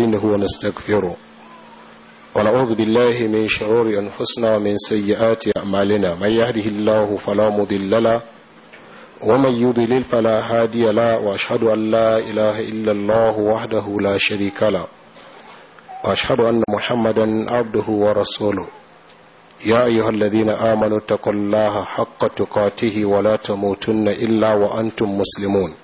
ونستعينه ونستغفره ونعوذ بالله من شرور أنفسنا ومن سيئات أعمالنا من يهده الله فلا مضل له ومن يضلل فلا هادي له وأشهد أن لا إله إلا الله وحده لا شريك له وأشهد أن محمدا عبده ورسوله يا أيها الذين آمنوا اتقوا الله حق تقاته ولا تموتن إلا وأنتم مسلمون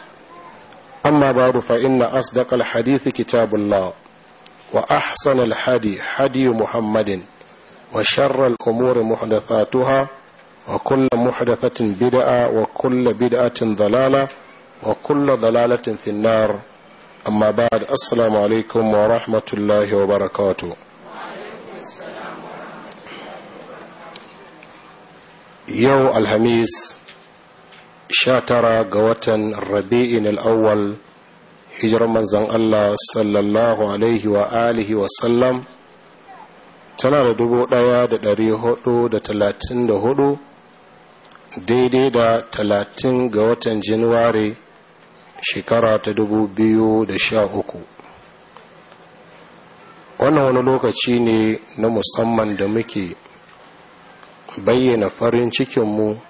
أما بعد فإن أصدق الحديث كتاب الله وأحسن الحدي حدي محمد وشر الأمور محدثاتها وكل محدثة بدعة وكل بدعة ضلالة وكل ضلالة في النار أما بعد السلام عليكم ورحمة الله وبركاته يوم الخميس tara ga watan rabi'in al'awwal hijirar manzan Allah sallallahu alaihi wa alihi wa sallam tana da dubu ɗaya da dari hudu da talatin da hudu daidai da talatin ga watan januwari shekara ta dubu biyu da sha uku wannan wani lokaci ne na musamman da muke bayyana farin cikinmu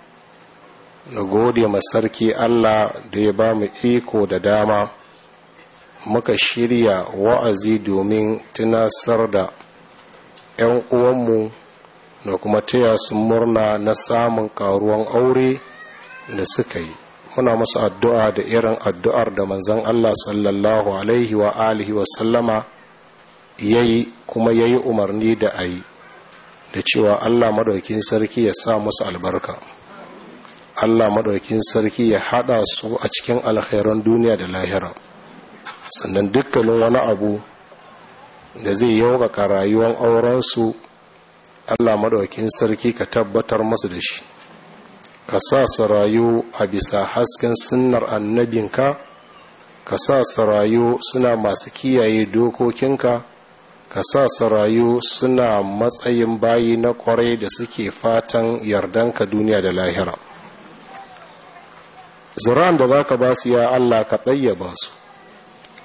na gode ma sarki Allah da ya ba mu iko da dama muka shirya wa'azi domin tunasar da 'yan uwanmu da kuma taya su murna na samun karuwan aure da suka yi muna masu addu'a da irin addu'ar da manzan Allah sallallahu alaihi wa alihi wa sallama ya yi kuma ya yi umarni da a yi da cewa Allah madaukin sarki ya sa musu albarka Allah madaukin sarki ya haɗa su a cikin alkhairan duniya da lahira sannan dukkanin wani abu da zai yaukaka rayuwar aurensu Allah madaukin sarki ka tabbatar masu da shi ka sa su rayu a bisa hasken sunnar annabinka ka sa su rayu suna masu kiyaye dokokinka ka sa su rayu suna matsayin bayi na kwarai da suke fatan yardanka duniya da lahira zuran da za ka ba su ya Allah ka ɗaya ba su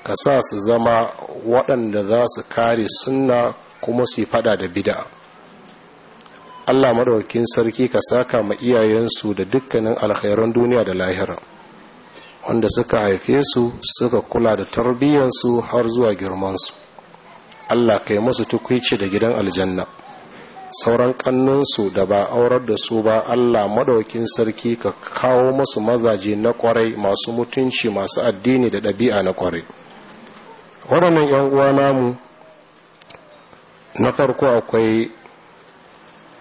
ka sa su zama waɗanda za su kare sunna kuma su yi fada da bida Allah maɗaukin sarki ka saka ma iyayensu da dukkanin alkhairun duniya da lahira wanda suka haife su suka kula da tarbiyyansu har zuwa girmansu Allah ka yi musu tukwici da gidan aljanna sauran kannunsu da ba aurar da su ba Allah madaukin sarki ka kawo musu mazaje na kwarai masu mutunci masu addini da ɗabi'a na kwarai waɗannan 'yan uwa namu na farko akwai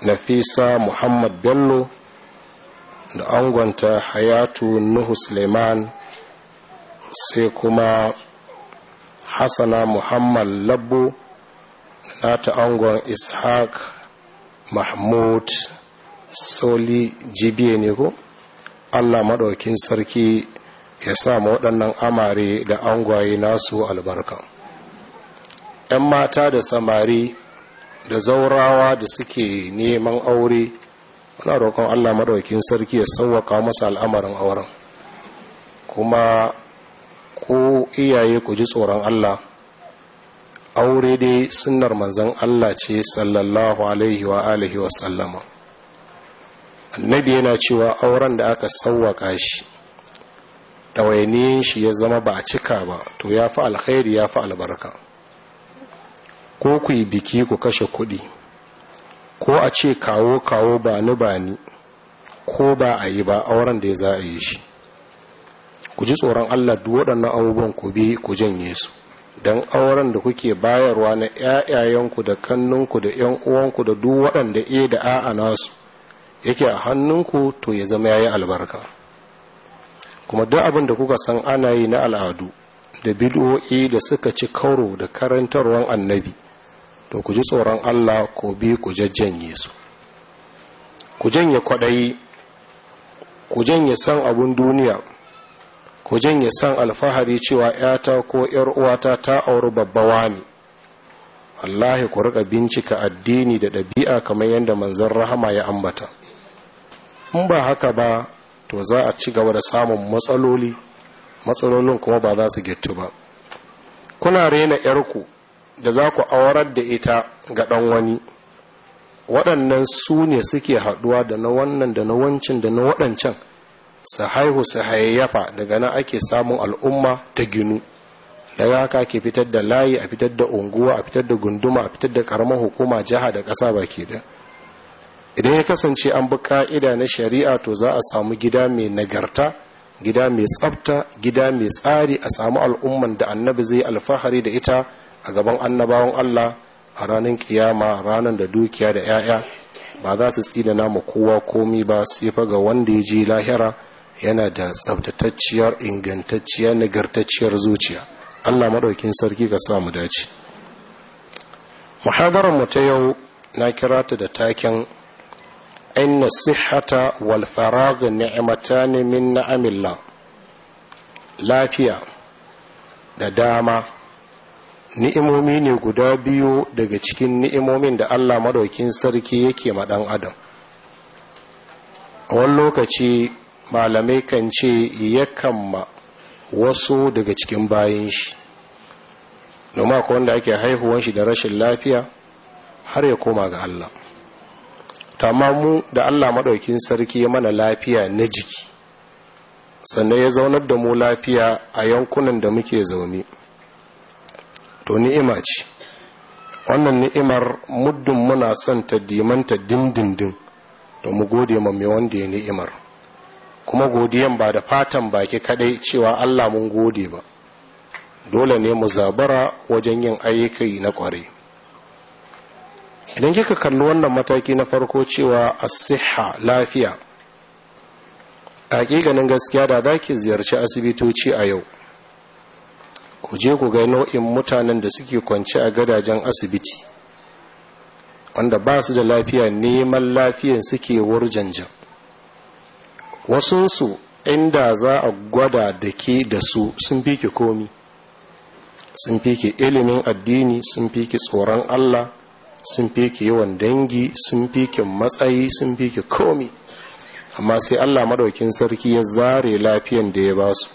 nafisa muhammad bello da angonta hayatu nuhu suleiman sai kuma hassana muhammad labbo ta angon ishaq mahmud soli jibiye ne ko allah maɗaukin sarki ya sa waɗannan amare da angwaye nasu albarka ‘yan mata da samari da zaurawa da suke neman aure na roƙon allah maɗaukin sarki ya sauwaka masa al'amarin auren kuma ko iyaye ku ji tsoron allah aure dai sunnar manzan Allah ce sallallahu alaihi wa alihi wa sallama annabi yana cewa auren da aka sawwaka shi ɗawainiyin shi ya zama ba a cika ba to ya fi alkhairi ya fi albarka ko ku yi biki ku kashe kuɗi ko a ce kawo kawo ba ni ba ni ko ba a yi ba auren da ya za a yi shi ku ji tsoron allah duk waɗannan abubuwan ku bi ku janye su don auren da kuke bayarwa na ‘ya'yayenku da kannunku da ‘yan uwanku da duk waɗanda e da a'a nasu yake a hannunku to ya zama ya yi albarka kuma duk abin da kuka san ana yi na al'adu da bid'o'i da suka ci kauro da karantarwar annabi to ku ji tsoron allah ko bi ku jajjanye su ku janye kwaɗayi ku janye san abun duniya ku janye san alfahari cewa ‘yata ko ‘yar uwata ta auri babbawa ne wallahi ku rika bincika addini da ɗabi'a kamar yadda manzon rahama ya ambata in ba haka ba to za a ci gaba da samun matsaloli matsalolin kuma ba za su gittu ba kuna rena ‘yarku da za ku aurar da ita ga ɗan wani waɗannan su ne suke haɗuwa da na wannan da na wancin da na waɗancan sahaihu sahayyafa daga nan ake samun al'umma ta ginu daga haka ake fitar da layi a fitar da unguwa a fitar da gunduma a fitar da karamar hukuma jiha da ƙasa ke da idan ya kasance an bi ka'ida na shari'a to za a samu gida mai nagarta gida mai tsafta gida mai tsari a samu al'umman da annabi zai alfahari da ita a gaban annabawan Allah a ranar kiyama ranar da dukiya da 'ya'ya ba za su tsina nama kowa komi ba sai fa ga wanda ya je lahira yana da tsabtatacciyar ingantacciyar nagartacciyar zuciya allah maɗaukin sarki ka samu dace mu ta yau na kira ta da taken inna sihata wal ni'imata ne min na'amillah lafiya da dama ni'imomi ne guda biyu daga cikin ni'imomin da Allah maɗaukin sarki yake maɗan adam a wani lokaci malamai kan ce yakan ma wasu daga cikin bayan shi domin ko wanda ake haihuwan shi da rashin lafiya har ya koma ga Allah tamma mu da Allah maɗaukin sarki ya mana lafiya na jiki sannan ya zaunar da mu lafiya a yankunan da muke zaune to ni'ima ce wannan ni'imar muddin muna son ta dimanta dindindin da mu gode ma mai wanda ya ni'imar kuma godiyan ba da fatan baki kadai cewa Allah mun gode ba dole ne mu zabara wajen yin ayyukai na kwarai idan kika kalli wannan mataki na farko cewa asiha lafiya hakikanin gaskiya da zaki ziyarci asibitoci a yau ku je ku ga nau'in mutanen da suke kwance a gadajen asibiti wanda ba su da lafiya neman lafiyan suke wurjanjan wasunsu inda za a gwada da ke da su sun fi ki komi sun fi ki ilimin addini sun fi ki tsoron allah sun fi ki yawan dangi sun fi ki matsayi sun fi ki komi amma sai allah madaukin sarki ya zare lafiyan da ya ba su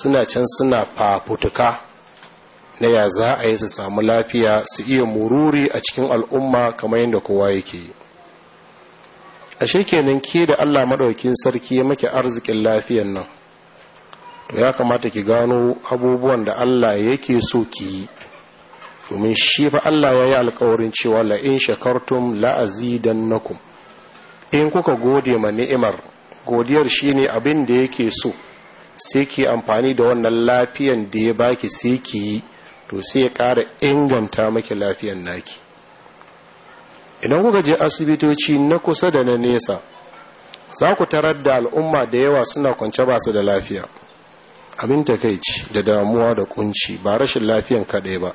suna can suna fafutuka na ya za a yi su samu lafiya su iya mururi a cikin al'umma kamar yadda kowa yake yi ashe kenan ke da Allah maɗaukin sarki ya maki arzikin lafiyan nan to ya kamata ki gano abubuwan da Allah yake so ki yi domin shi fa Allah ya yi alkawarin cewa lain in shakartum la naku in kuka gode ma ni'imar godiyar shi ne abin da yake so sai ki amfani da wannan lafiyan da ya baki sai ki yi to sai ya ƙara inganta maki lafiyan naki idan kuka je asibitoci na kusa da na nesa za ku tarar da al'umma da yawa suna kwance ba su da lafiya abin takaici da damuwa da kunci ba rashin lafiyan kaɗai ba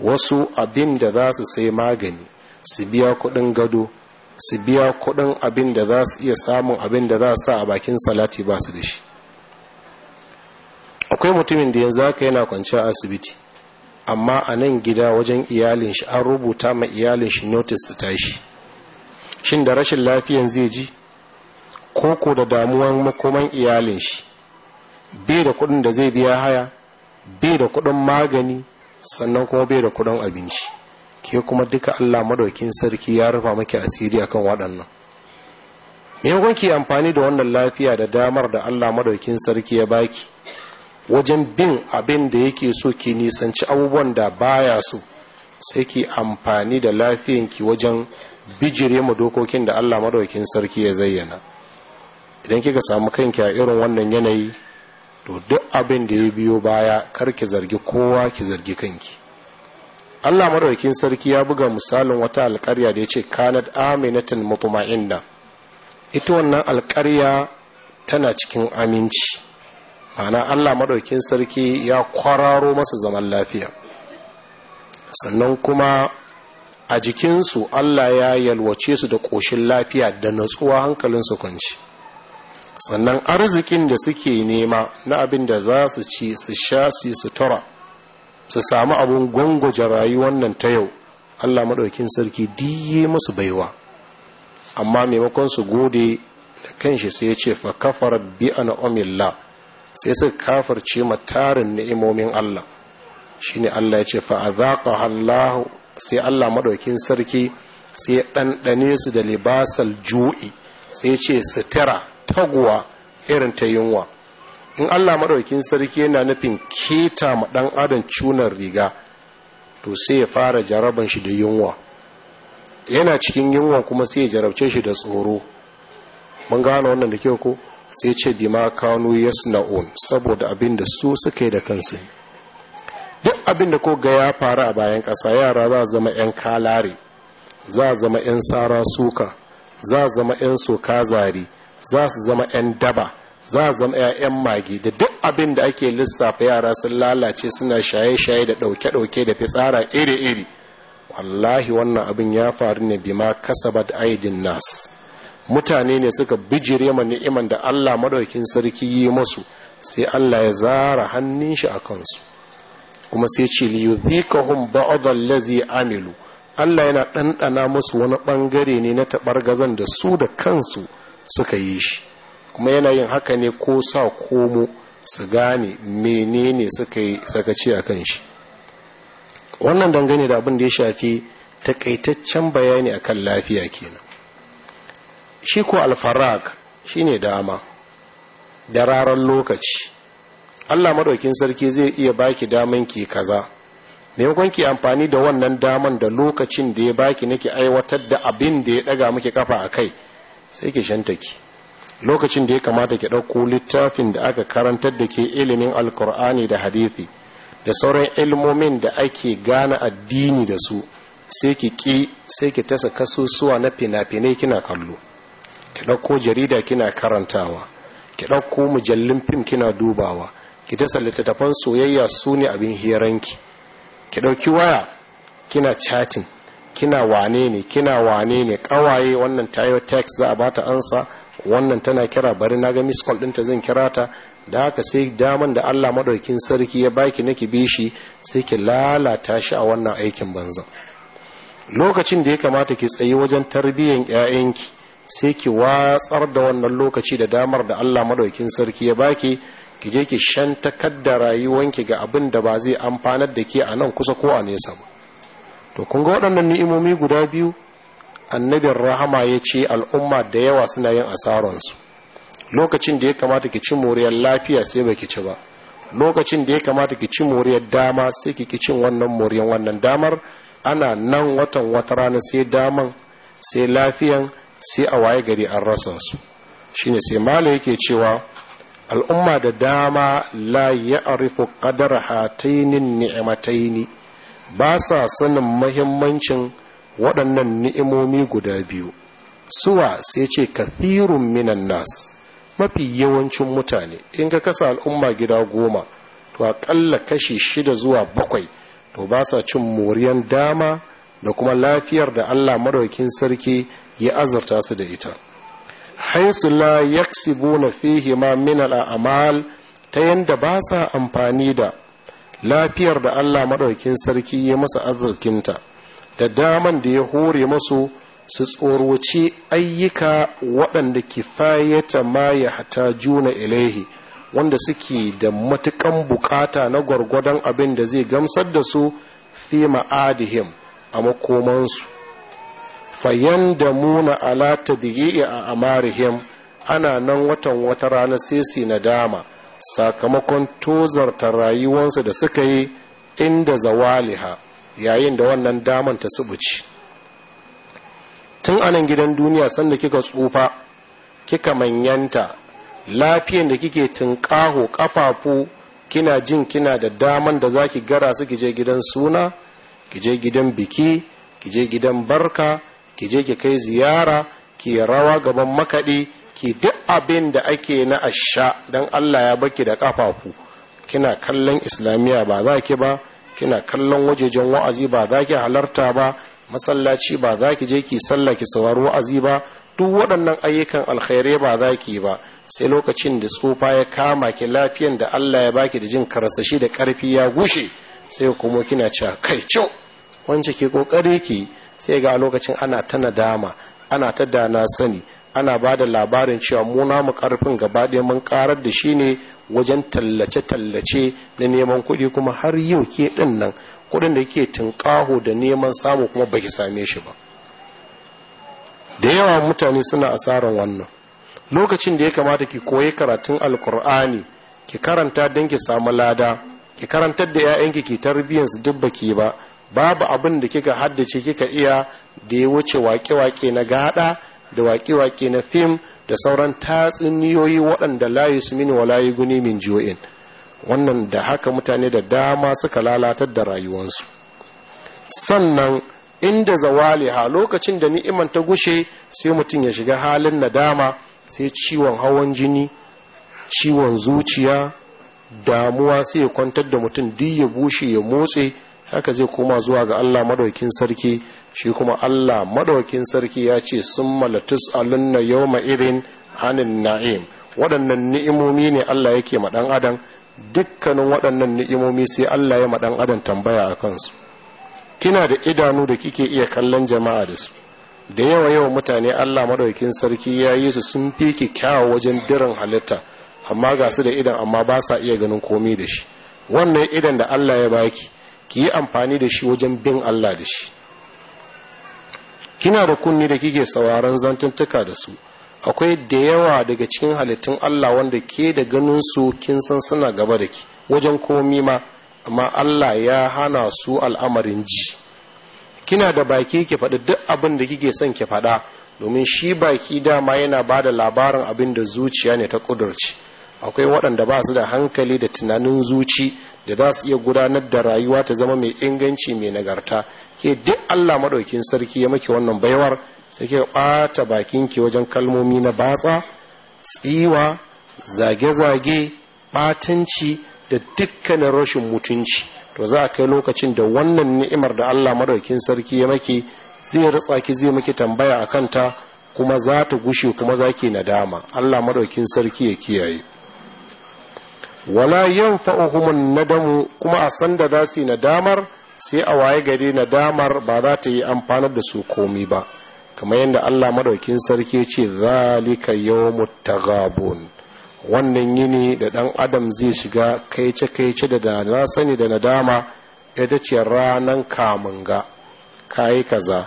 wasu abin da za su sai magani su biya kuɗin gado su biya kuɗin abin da za su iya samun abin da za sa a bakin salati ba su da shi akwai mutumin da yanzu haka yana a asibiti amma a nan gida wajen iyalin shi an rubuta ma iyalin shi notice su tashi shin da rashin lafiyan zai ji koko da damuwan makoman iyalin shi bai da kudin da zai biya haya bai da kudin magani sannan kuma bai da kudin abinci ke kuma duka Allah madaukin sarki ya rufa maki asiri akan waɗannan me yankon ki amfani da wannan lafiya da damar da Allah madaukin sarki ya baki wajen bin abin da yake so ki nisanci abubuwan da baya so sai ki amfani da lafiyanki wajen bijire mu dokokin da Allah madaukakin sarki ya zayyana idan kika samu kanki a irin wannan yanayi to duk abin da ya biyo baya kar ki zargi kowa ki zargi kanki Allah madaukakin sarki ya buga misalin wata alƙarya da yace kanat aminatan mutma'inna ita wannan alƙarya tana cikin aminci ana allah maɗaukin sarki ya kwararo masa zaman lafiya sannan kuma a jikinsu allah ya yalwace su da ƙoshin lafiya da natsuwa su kwanci sannan arzikin da suke nema na abin da za su ci su sha su sutura su samu abin gwangwaje rayuwar nan ta yau allah maɗaukin sarki diye masu baiwa amma maimakon su gode da kanshi sai ya ce fa kafar bi'a na sai suka kafirce ma tarin ni'imomin Allah shine Allah ya ce fa azaqaha Allah sai Allah maɗaukin sarki sai ya ɗanɗane su da libasal ju'i sai ce sutura taguwa irin ta yunwa in allah maɗaukin sarki yana nufin keta ma ɗan adam cunar riga to sai ya fara jaraban shi da yunwa yana cikin yunwa kuma sai ya jarabce shi da tsoro mun gane wannan da kyau ko sai ce bima kanu yasna'un saboda abin da su suka yi da kansu duk abin da koga ya faru a bayan ƙasa yara za zama 'yan kalare za zama 'yan sara suka za zama 'yan soka zari za su zama 'yan daba za zama 'ya'yan magi da duk abin da ake lissafa yara sun lalace suna shaye-shaye da ɗauke-ɗauke da fitsara iri-iri wallahi wannan abin ya faru ne bima kasabat aidin nas mutane ne suka bijire ma ni'iman da Allah madaukin sarki yi musu sai Allah ya zara hannun shi a kansu kuma sai ce li yuzikahum ba'd allazi amilu Allah yana dandana musu wani ɓangare ne na taɓargazan da su da kansu suka yi shi kuma yana yin haka ne ko sa komo su gane menene suka yi sakaci a kan shi wannan dangane da abin da ya shafi takaitaccen bayani akan lafiya kenan shi ko alfarag shine dama da rarar lokaci Allah maɗaukin sarki zai iya baki daman ki kaza maimakon ki amfani da wannan daman da lokacin da ya baki nake aiwatar da abin da ya ɗaga miki kafa a kai sai ki shanta ki lokacin da ya kamata ki ɗauko littafin da aka karantar da ke ilimin alkur'ani da hadithi da sauran ilmomin da ake gane addini da su sai ki ki sai ki tasa kasusuwa na fina-finai kina kallo ki ɗauko jarida kina karantawa ki ɗauko mujallin fim kina dubawa ki ta littattafan soyayya su ne abin hiranki ki ɗauki waya kina chatting kina wane ne kina wane ne ƙawaye wannan tayo text za a bata ansa wannan tana kira bari na ga miss call ɗinta zan kira ta da haka sai daman da Allah maɗaukin sarki ya baki na ki bi shi sai ki lalata shi a wannan aikin banza. lokacin da ya kamata ki tsayi wajen tarbiyyar 'ya'yanki sai ki watsar da wannan lokaci da damar da Allah madaukin sarki ya baki ki je ki shan da rayuwanki ga abin da ba zai amfanar da ke a nan kusa ko a nesa ba to kun ga waɗannan ni'imomi guda biyu annabin rahama ya ce al'umma da yawa suna yin asaransu lokacin da ya kamata ki ci moriyar lafiya sai ki ci ba lokacin da ya kamata ki ci moriyar dama sai ki cin wannan moriyar wannan damar ana nan watan wata rana sai daman sai lafiyan sai a waye gari an rasa su shine sai malam yake cewa al'umma da dama la ya'rifu qadar hatainin ni'mataini ba sa sanin mahimmancin waɗannan ni'imomi guda biyu suwa sai ce kathirun minan nas mafi yawancin mutane in ka kasa al'umma gida goma to aƙalla kashi shida zuwa bakwai to ba sa cin moriyan dama da kuma lafiyar da allah maraukin sarki ya azarta su da ita haisu la yaksibuna fihi ma min al'amal ta yanda ba sa amfani da lafiyar da Allah maɗaukin sarki ya masa azurkinta. da daman da ya hore masu su tsoroci ayyuka waɗanda kifayata ma ya hata juna ilaihi wanda suke da matukan bukata na gwargwadon abin da zai gamsar da su fi ma'adihim a makomansu fayan da muna alata diye a amarihim ana nan watan wata rana sisi na dama sakamakon tozarta rayuwansu da suka yi inda zawaliha yayin da wannan daman ta subuci tun anan gidan duniya sanda kika tsufa kika manyanta lafiyan da kike tunƙaho ƙafafu kina jin kina da daman da za ki gara su kije gidan suna kije gidan biki kije gidan barka ki je ki kai ziyara ki rawa gaban makaɗi ki duk abin da ake na asha don Allah ya baki da ƙafafu kina kallon islamiyya ba za ki ba kina kallon wajejen wa'azi ba za ki halarta ba masallaci ba za ki je ki sallah ki saurari wa'azi ba duk waɗannan ayyukan alkhairai ba za ki ba sai lokacin da tsufa ya kama ki lafiyan da Allah ya baki da jin karasashi da ƙarfi ya gushe sai kuma kina cewa kai cin wance ke ƙoƙari ki sai ga lokacin ana ta nadama ana ta dana sani ana ba da labarin cewa mu namu karfin gaba ɗaya mun karar da shi ne wajen tallace-tallace na neman kuɗi kuma har yau ke ɗin nan kuɗin da ke tunƙaho da neman samu kuma baki same shi ba da yawa mutane suna asarar wannan lokacin da ya kamata ki koyi karatun alkur'ani ki karanta don ki samu lada ki karantar da 'ya'yanki ki su duk baki ba babu abin da kika haddace kika iya da ya wuce wake-wake na gada da wake-wake na fim da sauran tatsuniyoyi waɗanda layus su mini wa layu guni min jiyo'in wannan da haka mutane da dama suka lalatar da rayuwansu sannan inda zawali ha lokacin da ni'iman ta gushe sai mutum ya shiga halin nadama sai ciwon hawan jini ciwon zuciya damuwa sai ya kwantar da mutum duk ya bushe ya motse haka zai koma zuwa ga Allah madaukin sarki shi kuma Allah madaukin sarki ya ce sun malatus alunna yawma irin hanin na'im waɗannan ni'imomi ne Allah yake ma ɗan adam dukkanin waɗannan ni'imomi sai Allah ya ma ɗan adam tambaya a kansu kina da idanu da kike iya kallon jama'a da su da yawa yawa mutane Allah madaukin sarki ya yi su sun fi kyakkyawa wajen dirin halitta amma ga su da idan amma ba sa iya ganin komai da shi wannan idan da Allah ya baki ki yi amfani da shi wajen bin Allah da shi kina da kunne da kike sauraron zantuntuka da su akwai da yawa daga cikin halittun Allah wanda ke da ganin su kin san suna gaba da ki wajen komi ma amma Allah ya hana su al'amarin ji kina da baki ki faɗi duk abin da kike son ki faɗa domin shi baki dama yana ba da labarin abin da zuciya ne ta kudurci akwai waɗanda ba su da hankali da tunanin zuci da za su iya gudanar da rayuwa ta zama mai inganci mai nagarta ke duk Allah maɗaukin sarki ya maki wannan baiwar sai ke ɓata bakin ki wajen kalmomi na batsa tsiwa zage-zage ɓatanci da dukkanin rashin mutunci to za a kai lokacin da wannan ni'imar da Allah maɗaukin sarki ya maki zai ratsa ki zai maki tambaya a kanta kuma za ta gushe kuma za ki nadama Allah maɗaukin sarki ya kiyaye wala yanfa'uhum nadamu kuma a sanda za su nadamar sai a waye gari nadamar ba za ta yi amfanar da su komi ba kamar yadda Allah madaukin sarki ce zalika yawmut gabon. wannan yini da dan adam zai shiga kaice kaice da da na sani da nadama ita ce ranan ka kayi kaza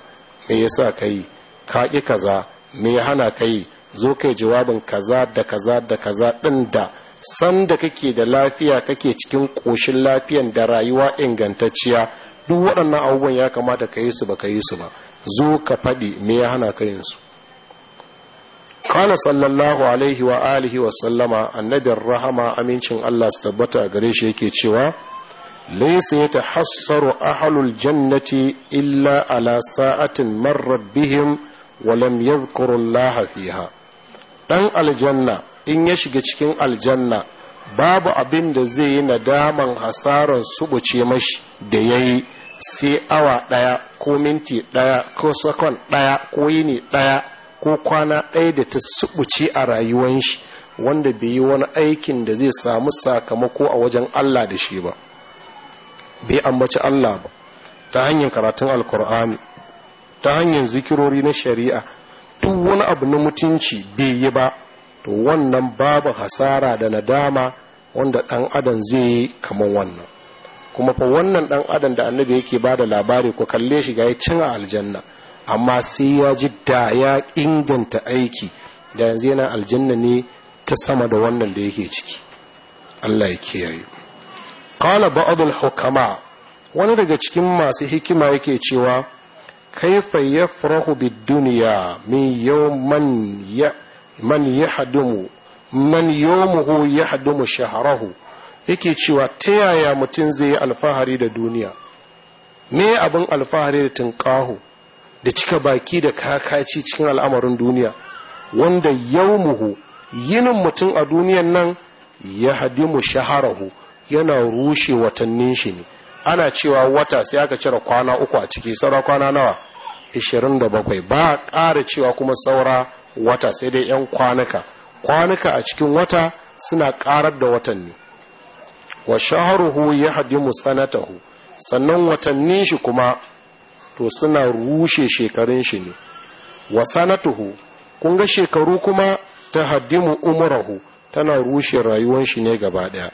me yasa kayi ka ƙi kaza me hana kai zo kai jawabin kaza da kaza da kaza din da Sanda da kake da lafiya kake cikin ƙoshin lafiyan da rayuwa ingantacciya duk waɗannan abubuwan ya kamata ka yi su ba ka yi su ba zo ka faɗi me ya hana ka yin su kana sallallahu alaihi wa alihi wa sallama annabin rahama amincin Allah su tabbata a gare shi yake cewa laysa yatahassaru ahlul jannati illa ala sa'atin marrat bihim wa lam yadhkuru Allah fiha dan aljanna in ya shiga cikin aljanna babu abin da zai yi nadaman hasaran subuce mashi da ya yi sai awa ɗaya ko minti ɗaya ko sakon ɗaya ko yini ɗaya ko kwana ɗaya da ta subuce a rayuwan shi wanda bai yi wani aikin da zai samu sakamako a wajen Allah da shi ba bai ambaci Allah ba ta hanyar karatun alkur'ani ta hanyar zikirori na shari'a duk wani abu na mutunci bai yi ba to wannan babu hasara da nadama wanda dan adam zai yi kamar wannan kuma fa wannan dan adam da annabi yake ba da labari ko kalle shi ga cin a aljanna amma sai ya ji da ya inganta aiki da yanzu yana aljanna ne ta sama da wannan da yake ciki Allah ya kiyaye qala al hukama wani daga cikin masu hikima yake cewa kaifa yafrahu bid dunya min yawman ya man yahdumu man yawmuhu yahdumu shahrahu yake cewa ta yaya mutum zai yi alfahari da duniya me abin alfahari da tunƙaho da cika baki da kakaci cikin al'amarin duniya wanda yawmuhu yinin mutum a duniyan nan ya hadimu shaharahu yana rushe watannin shi ne ana cewa wata sai aka cire kwana uku a ciki saura kwana nawa 27 ba ƙara cewa kuma saura wata sai dai 'yan kwanuka kwanuka a cikin wata suna karar da watanni wa shaharuhu ya hadimu sanatahu sannan watannin shi kuma to suna rushe shekarun shi ne wa sanatuhu kun ga shekaru kuma ta hadimu umurahu tana rushe rayuwan shi ne gaba daya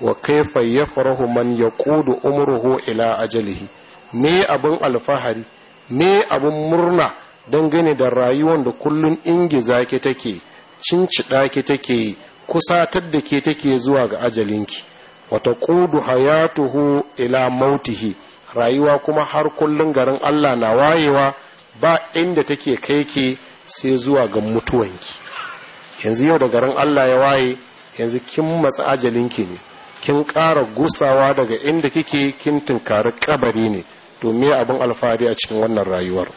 wa kaifa farahu man ya kudu umruhu ila ajalihi ne abin alfahari ne abin murna dangane da rayuwar da kullun ingiza ki take cincida ki take kusatar da ke take zuwa ga ajalinki wata kudu hayatuhu ila mautihi rayuwa kuma har kullun garin Allah na wayewa ba inda take kai ke sai zuwa ga mutuwanki yanzu yau da garin Allah ya waye yanzu kin matsa ajalinki ne kin ƙara gusawa daga inda kike kin tunkari kabari ne to me abin alfahari a cikin wannan rayuwar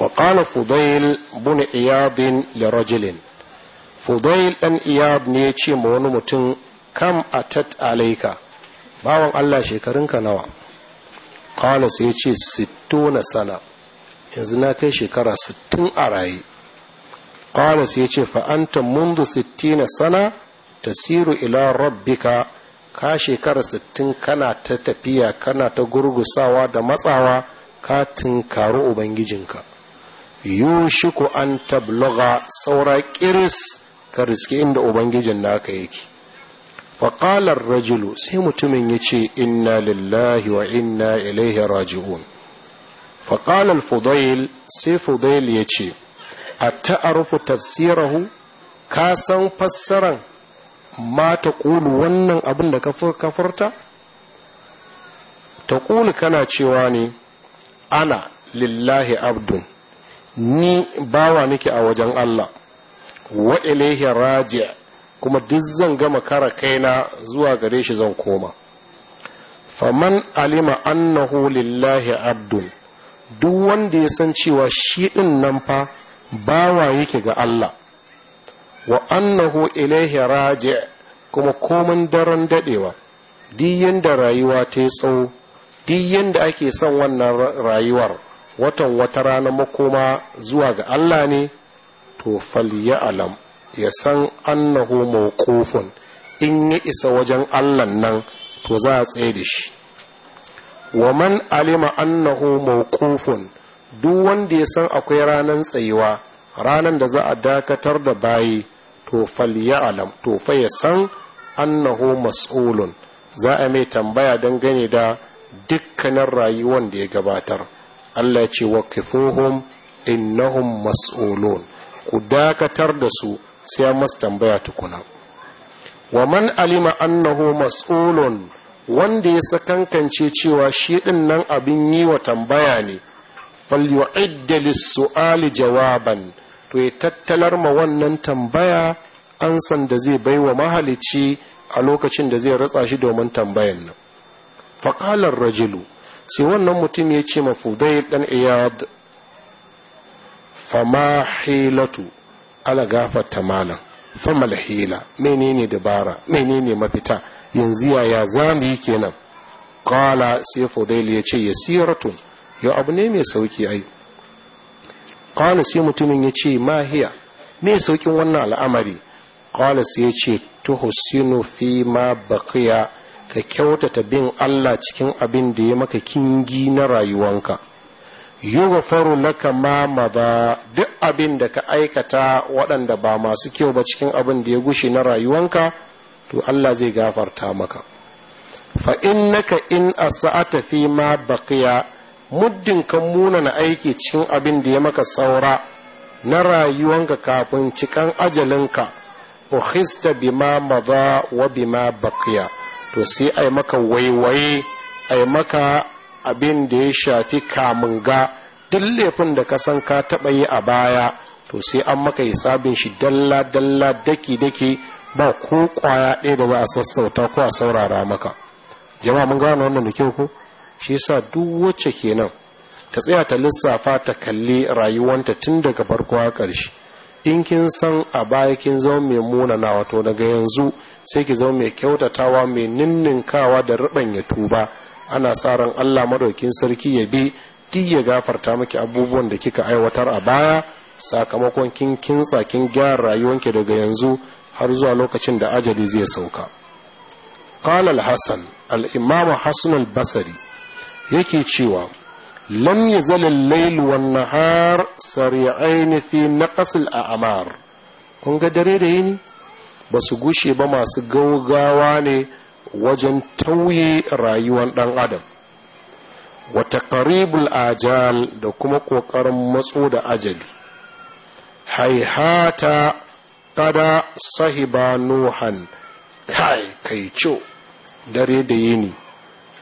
وقال فضيل بن إياب لرجل فضيل yace ma wani mutum kam a tat alaika bawan Allah shekarunka nawa kawai sai ya ce na sana yanzu na kai shekara sittin a raye kawai sai ya ce fa'anta mundu sitti sana tasiru ila rabbika ka shekara sittin kana ta tafiya kana ta gurgusawa da matsawa ka tunkaru ubangijinka yushiku an tabloga saura kiris ka riske inda ubangijin naka yake faƙalar rajulu sai mutumin ya ce inna lillahi wa inna ilaihi raji'un faƙalar fudail sai fudail ya ce a ta'arufu tafsirahu ka san fassaran ma ta ƙulu wannan abin da ka furta ta ƙulu kana cewa ne ana lillahi abdun ni bawa nake a wajen Allah wa ilaihi raji'a kuma duk zan gama kara kaina zuwa gare shi zan koma faman alima annahu lillahi abdun duk wanda ya san cewa shi din nan fa bawa yake ga Allah wa annahu ilaihi raji'a kuma komin daren dadewa duk yanda rayuwa ta tsawo duk yanda ake son wannan rayuwar watan wata rana makoma zuwa ga Allah ne to faliya alam ya san annahu mawqufun in ya isa wajen Allah nan to za a tsaye da shi wa man alima annahu mawqufun duk wanda ya san akwai ranan tsayuwa ranan da za a dakatar da bayi to faliya alam to fa ya san annahu mas'ulun za a mai tambaya dangane da dukkanin rayuwar da ya gabatar Allah ce waqifuhum innahum mas'ulun ku dakatar da su sai masu tambaya tukuna wa man alima annahu mas'ulun wanda ya sakankance cewa shi din nan abin yi wa tambaya ne falyu'idda lis-su'ali jawaban to ya tattalar ma wannan tambaya ansan da zai baiwa mahalici a lokacin da zai ratsa shi domin tambayan nan faqala ar sai wannan mutum ya ce ma fudai dan iyad fama hilatu ala ta malam fama hila menene dabara menene mafita yanzu yaya za yi kenan kala sai fudai ya ce tun yau abu ne mai sauki ai kala sai mutumin ya ce mahiya mai saukin wannan al'amari kala sai ya ce tuhsinu fi ma baqiya ka kyautata bin Allah cikin abin da ya maka kingi na rayuwanka yughfaru laka ma madha duk abin da ka aikata waɗanda ba masu kyau ba cikin abin da ya gushe na rayuwanka to Allah zai gafarta maka fa naka in asa'ata fi ma baƙiya muddin ka munana aiki cikin abin da ya maka saura na rayuwanka kafin cikan ajalinka bi ma madha wa bi ma baƙiya to sai ai maka waiwaye ai maka abin da ya shafi kamun ga duk laifin da ka san ka taɓa yi a baya to sai an maka hisabin shi dalla dalla daki daki ba ko kwaya ɗaya da za a sassauta ko a saurara maka jama'a mun gano wannan da kyau ko shi yasa duk wacce kenan ta tsaya ta lissafa ta kalli rayuwanta tun daga farko a ƙarshe in kin san a baya kin zama mai munana wato daga yanzu sai ki zama mai kyautatawa mai ninninkawa da ya tuba ana sa ran Allah maɗaukin sarki ya bi duk ya gafarta maki abubuwan da kika aiwatar a baya sakamakon kin kintsa kin gyara rayuwanki daga yanzu har zuwa lokacin da ajali zai sauka qala hassan hasan al imam hasan al yake cewa lam zalin lailuwan na har Sari'ai na fi a amar kun dare da yini ba su gushe ba masu gaugawa ne wajen tauye rayuwar ɗan adam wata karibul ajal da kuma ƙoƙarin matso da ajali haihata kada sahiba nuhan kai kai co dare da yini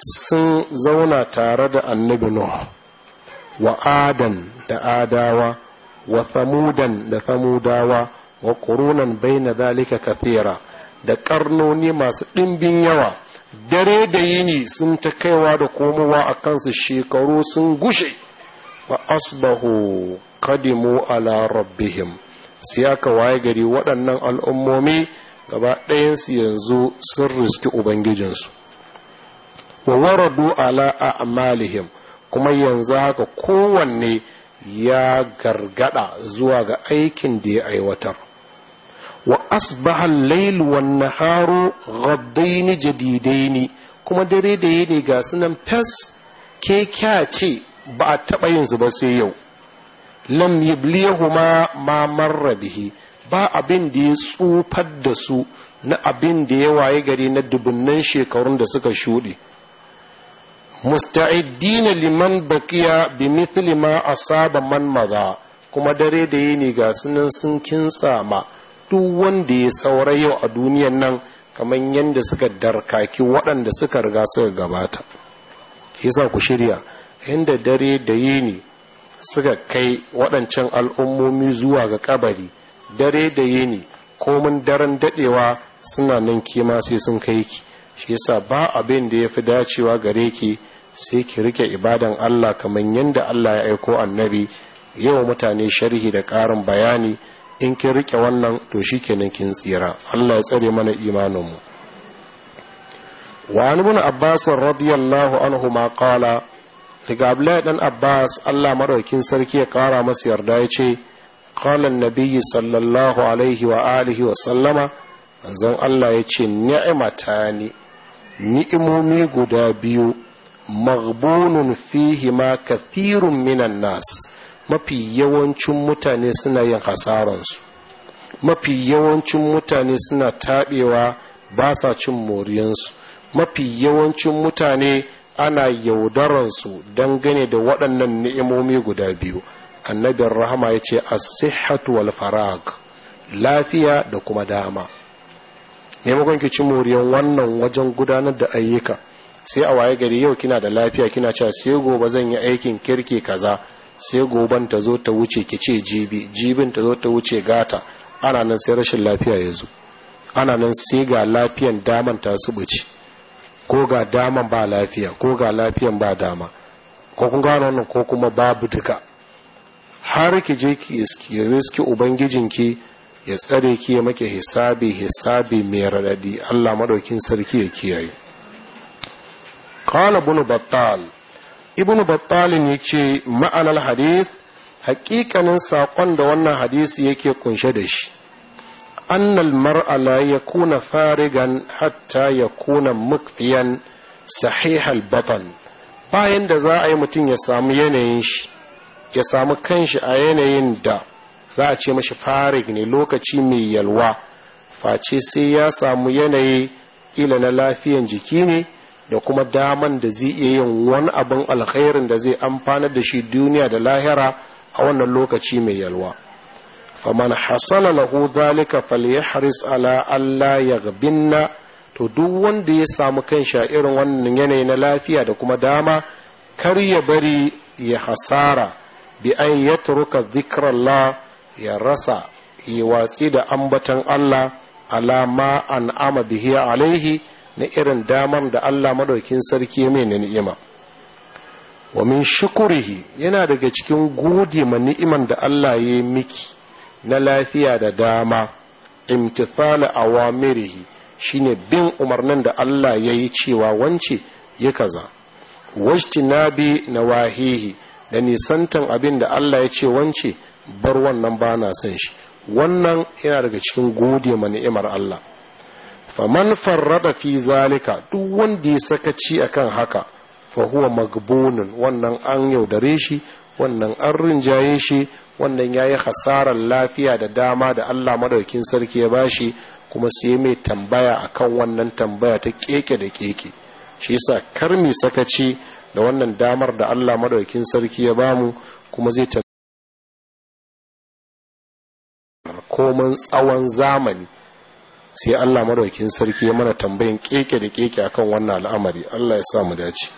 sun zauna tare da annabi nuh wa adan da adawa wa thamudan da thamudawa wa qurunan baina zalika kafera da karnoni masu ɗimbin yawa dare da yini sun ta kaiwa da komowa a kansu shekaru sun gushe fa asbahu kadimu ala rabbihim sai aka waye gari waɗannan al'ummomi gaba ɗayensu yanzu sun riski ubangijinsu wa waradu ala a'malihim kuma yanzu haka kowanne ya gargada zuwa ga aikin da ya aiwatar wa asbaha al-layl wan naharu ghaddayn jadidain kuma dare da yini ga sunan fas ke kyace ce ba a taɓa yin su ba sai yau lam yubliyahuma ma marra bihi ba abin da ya tsufar da su na abin da ya waye gari na dubunnan shekarun da suka shuɗe musta'iddina liman baqiya bi mithli ma asaba man maza kuma dare da yini ga sunan sun kintsama. duk wanda ya saura yau a duniyan nan kamar yadda suka darkaki waɗanda suka riga suka gabata yasa ku shirya inda dare da yini suka kai waɗancan al'ummomi zuwa ga ƙabari dare da yini komin daren daɗewa suna nan kima sai sun kai ki shi yasa ba abin da ya fi dacewa gare ki sai ki rike ibadan Allah kamar yadda Allah ya aiko annabi yau mutane sharhi da ƙarin bayani in kin rike wannan to kenan kin tsira Allah ya tsare mana imaninmu wa an ibn abbas radiyallahu anhu ma qala daga abdullahi dan abbas Allah madaukin sarki ya kara masa yarda ya ce qala an-nabiy sallallahu alaihi wa alihi wa sallama manzon Allah ya ce ni'matani ni'imomi guda biyu maghbunun fihi ma kathirun minan nas mafi yawancin mutane suna yin hasaransu mafi yawancin mutane suna taɓewa ba sa cin moriyansu mafi yawancin mutane ana yaudaransu dangane da waɗannan ni'imomi guda biyu annabin rahama ya ce a wal farag lafiya da kuma dama maimakon ki ci moriyan wannan wajen gudanar da ayyuka sai a waye gari yau kina da lafiya kina cewa sai gobe zan yi aikin kirki kaza sai goban ta zo ta wuce ki ce jibi jibin ta zo ta wuce gata ana nan sai rashin lafiya ya zo ana nan sai ga lafiyan daman ta buci ko ga daman ba lafiya ko ga lafiyan ba dama ko kun gano wannan ko kuma babu duka har ki je ki iski riski ubangijinki ya tsare ki ya make hisabi hisabi mai radadi Allah madaukin sarki ya kiyaye qala bunu battal ibnu battalin ya ce ma'anar hadith hakikanin saƙon da wannan hadisi yake kunshe da shi annal mar'ala ya kuna farigan hatta ya kuna mukfiyan sahihal batan bayan da za a yi mutum ya samu yanayin shi ya samu kanshi a yanayin da za a ce mashi farig ne lokaci mai yalwa face sai ya samu yanayi ila na lafiyan jiki ne da kuma daman da zai iya yin wani abin alkhairin da zai amfana da shi duniya da lahira a wannan lokaci mai yalwa faman hasana lahu ya falyahris ala allah alla yaghbinna to duk wanda ya samu shi a irin wannan yanayi na lafiya da kuma dama kar ya bari ya hasara bi an yatruka dhikrallah ya rasa ya watsi da ambatan Allah alama an ama bihi alaihi na irin damar da Allah maɗaukin sarki mai na ni'ima wa min shukurihi yana daga cikin gode ma ni'iman da Allah ya yi miki na lafiya da dama imtithala awamirihi shine bin umarnin da Allah ya yi cewa wance ya kaza na bi na wahihi da nisantan abin da Allah ya ce wance bar wannan ba na son shi wannan yana daga cikin gode ma ni'imar Allah faman farrada fi zalika duk wanda ya sakaci akan haka fa huwa magbunin wannan an yaudare shi wannan an rinjaye shi wannan yayi hasarar lafiya da dama da Allah madaukin sarki ya ba shi kuma sai mai tambaya akan wannan tambaya ta keke da keke shi yasa kar mi sakaci da wannan damar da Allah madaukin sarki ya bamu kuma zai koman tsawon zamani sai Allah madaukin sarki ya mana tambayin keke da keke akan wannan al'amari Allah ya sa mu dace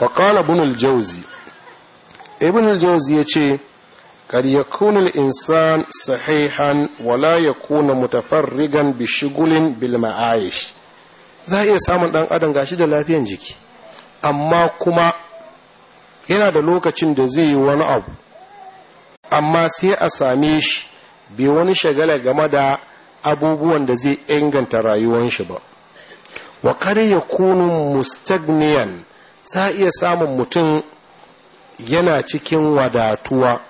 fa qala ibn al-jawzi ibn al-jawzi yace kad yakunu al-insan sahihan wala ya kuna mutafarrigan bi shughulin bil ma'ayish za iya samun dan adam gashi da lafiyan jiki amma kuma yana da lokacin da zai yi wani abu amma sai a same shi bai wani shagala game da abubuwan da zai inganta rayuwan shi ba wa kare ya kunu mustagniyan za iya samun mutum yana cikin wadatuwa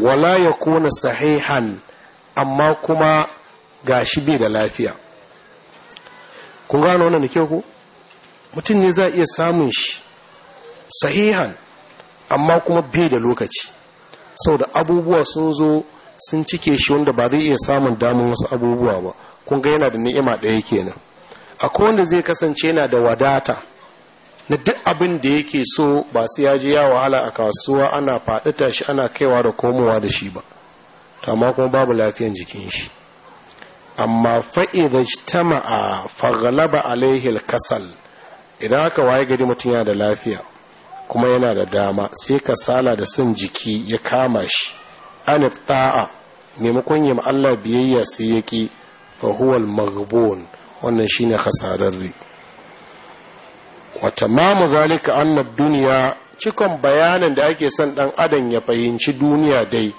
wala ya kuna sahihan amma kuma ga shi bai da lafiya kun gano wannan da ku mutum ne za iya samun shi sahihan amma kuma bai da lokaci sau da abubuwa sun zo sun cike shi wanda ba zai iya samun damun wasu abubuwa ba kun ga yana da ni'ima ɗaya kenan a wanda zai kasance yana da wadata na duk abin da yake so ba su ya ji ya wahala a kasuwa ana faɗita shi ana kaiwa da komowa da shi ba ma kuma babu lafiyan jikin shi amma fa'iza a fagalaba alaihil kasal idan aka waye gari mutum yana da lafiya kuma yana da dama sai kasala da son jiki ya kama shi an ta'a maimakon yi Allah biyayya sai yaki fa huwa maghbun wannan shine khasararri wa tamamu zalika annab duniya cikon bayanin da ake son dan adam ya fahimci duniya dai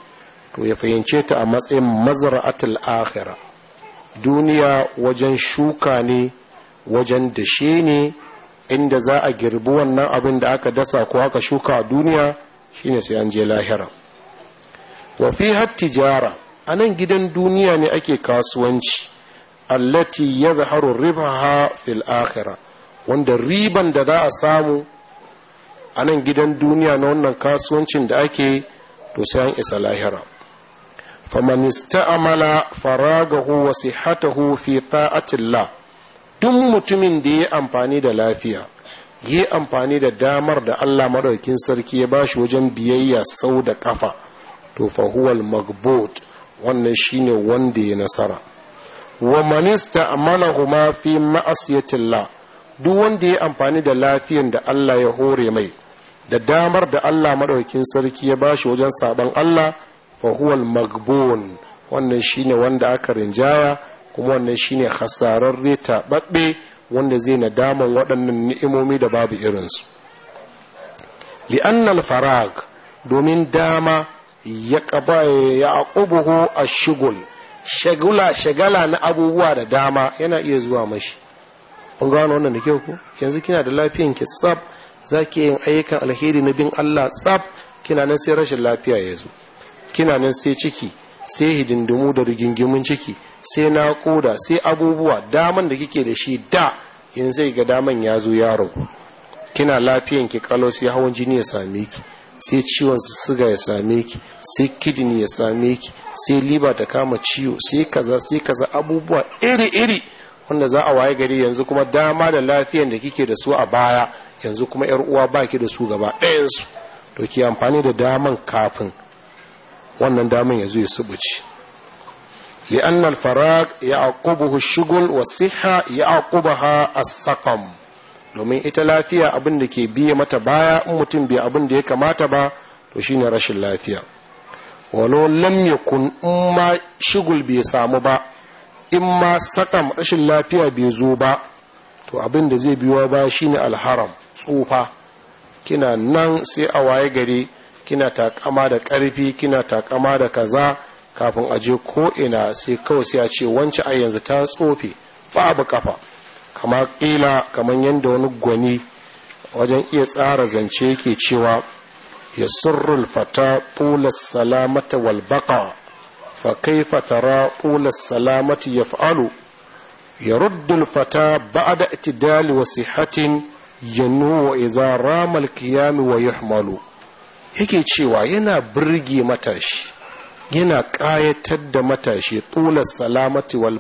to ya fahimce ta a matsayin mazra'atul akhirah duniya wajen shuka ne wajen dashe ne inda za a girbi wannan abin da aka dasa ko aka shuka a duniya shine sai an je lahira wa fi tijara a nan gidan duniya ne ake kasuwanci allati ya zaharu ribaha fil akhira wanda riban da za a samu a nan gidan duniya na wannan kasuwancin da ake to isa lahira faman amala faragahu wa sihhatahu fi ta'atillah duk mutumin da ya amfani da lafiya yi amfani da damar da Allah maɗaukin sarki ya bashi wajen biyayya sau da kafa to fa huwal wannan shine wanda ya nasara wa manista amana huma fi ma'asiyatillah duk wanda ya amfani da lafiyan da Allah ya hore mai da damar da Allah madaukakin sarki ya bashi wajen saban Allah fa huwal magbun wannan shine wanda aka rinjaya kuma wannan shine rita babbe wanda zai nadama waɗannan ni'imomi da babu irinsu al farag domin dama ya ƙaba ya a shigul shagula shagala na abubuwa da dama yana iya zuwa mashi kun gano wannan da kyau ku yanzu kina da lafiyan ki tsab zaki yin ayyukan alheri na bin Allah tsab kina nan sai rashin lafiya ya zo kina nan sai ciki sai hidindimu da rigingimun ciki sai naƙuda sai abubuwa daman da kike da shi da yanzu sai ga daman ya zo yaro? kina lafiyan ki kalau sai hawan jini ya same ki sai ciwon siga ya same ki sai kidney ya same ki sai liba ta kama ciwo sai kaza sai kaza abubuwa iri iri wanda za a waye gari yanzu kuma dama da lafiyan da kike da su a baya yanzu kuma yar uwa baki da su gaba ɗayan su to ki amfani da daman kafin wannan daman yazo ya subuci li'anna al-farag ya'qubuhu ash-shughul wa sihha ya'qubaha as-saqam domin ita lafiya abin da ke biye mata baya in mutum bai abin da ya kamata ba to shine rashin lafiya walau lam yakun in ma shigul bai samu ba in ma sakam rashin lafiya bai zo ba to abin da zai biyo ba shine alharam tsufa kina nan sai a waye gari kina takama da karfi kina takama da kaza kafin aje ko ina sai kawai sai a ce wance a yanzu ta tsofe abu kafa kama ƙila kamar yadda wani gwani wajen iya tsara zance yake cewa ya surrul fata tulas salamata wal baqa fa kaifa fata tulas salamati yaf'alu hatin الفتى بعد اعتدال وصحة ينو إذا wa القيام ويحمل yake cewa yana birge matashi yana ƙayatar da matashi tulas salamati wal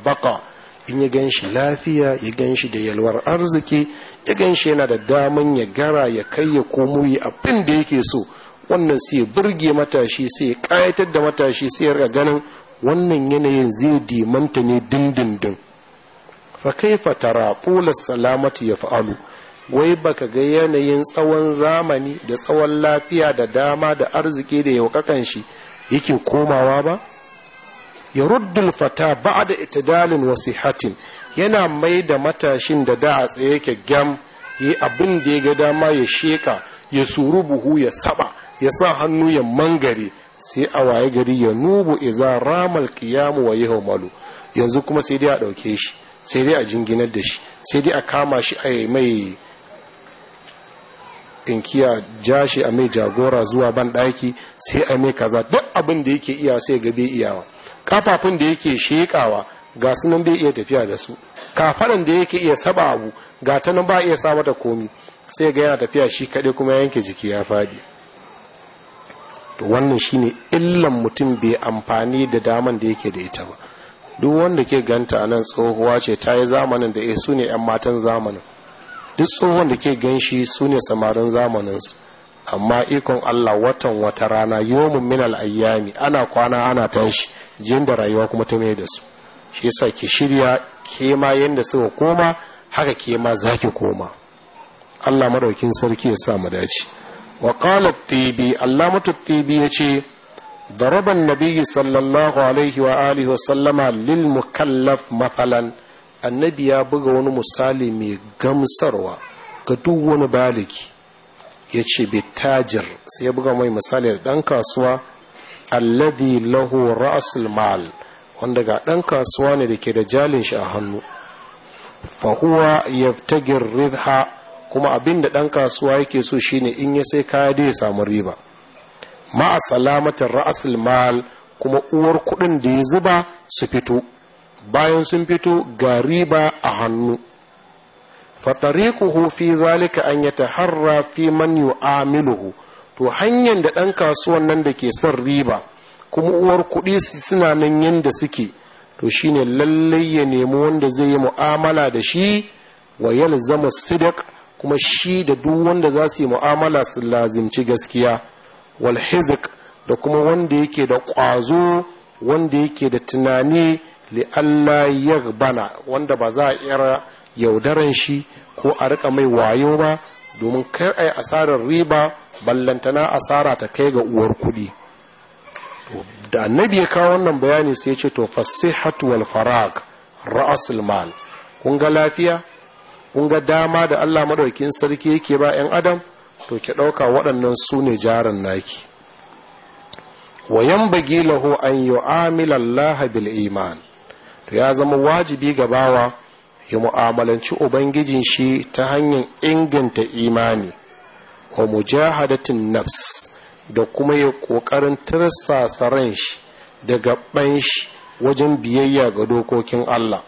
in ya gan shi lafiya ya gan shi da yalwar arziki ya gan shi yana da daman ya gara ya kai ya komo yi abin da yake so wannan sai ya burge matashi sai ya kayatar da matashi sai ya ganin wannan yanayin zai dimanta ne dindindin fa kaifa tara qula salamati yaf'alu wai baka ga yanayin tsawon zamani da tsawon lafiya da dama da arziki da yaukakan shi yake komawa ba ya ruddun fata ba da itidalin wasihatin yana mai da matashin da da a tsaye gyam ya abin da ya ga dama ya sheka ya suru buhu ya saba ya sa hannu ya mangare sai a waye gari ya nubu iza ramal qiyamu wa haumalu yanzu kuma sai dai a dauke shi sai dai a jinginar da shi sai dai a kama shi a mai inkiya jashi a mai jagora zuwa ban daki sai a mai kaza duk abin da yake iya sai ga iyawa kafafun da yake shekawa ga sunan bai iya tafiya da su kafaran da yake iya saba abu ga ta nan ba iya sa mata komi sai ga yana tafiya shi kaɗai kuma yanke jiki ya faɗi to wannan shine illan mutum bai amfani da daman da yake da ita ba duk wanda ke ganta a nan tsohuwa ce ta yi zamanin da ya eh, su ne 'yan matan zamanin duk tsohon da ke gan shi su ne samarin zamaninsu amma ikon Allah watan wata rana yomin min al'ayyami ana kwana ana tashi jin da rayuwa kuma ta mai da su shi yasa ki shirya kema yadda suka koma haka kema za ki koma Allah madaukin sarki ya sa mu dace wa qala tibi Allah tibi ya ce daraban nabiyyi sallallahu alaihi wa alihi wa sallama lil mukallaf mathalan annabi ya buga wani misali mai gamsarwa ga duk wani baliki ya ce bitajir sai ya buga mai misali da ɗan kasuwa allabi lahu ra'asul mal wanda ga ɗan kasuwa ne da ke da jalin shi a hannu fahuwa yaftagir ridha kuma abin da ɗan kasuwa yake so shine in ya sai kaya da ya samu riba ma a salamatar ra'asul mal kuma uwar kuɗin da ya zuba su fito bayan sun fito ga riba a hannu fatariquhu fi zalika an yataharra fi man yu'amiluhu to hanyar da ɗan kasuwan nan da ke son riba kuma uwar kuɗi suna nan yadda suke to shine lallai ya nemi wanda zai yi mu'amala da shi wa zama sidq kuma shi da duk wanda za su yi mu'amala su lazimci gaskiya wal da kuma wanda yake da ƙwazo wanda yake da tunani li'alla yagbana wanda ba za a yaudaran shi ko a rika mai wayo ba domin kai a yi asarar riba ballantana asara ta kai ga uwar kudi da annabi ya kawo wannan bayani sai ce to fasihatu wal farag ra'asul mal kun ga lafiya kun ga dama da Allah maɗaukin sarki yake ba 'yan adam to ki ɗauka waɗannan su ne jarin naki wa yanbaghi lahu an yu'amila Allah bil iman to ya zama wajibi ga bawa ya mu'amalanci ubangijin shi ta hanyar inganta imani wa mujahadatin nafs da kuma ya ƙoƙarin tirsasa ran shi da gaɓan shi wajen biyayya ga dokokin Allah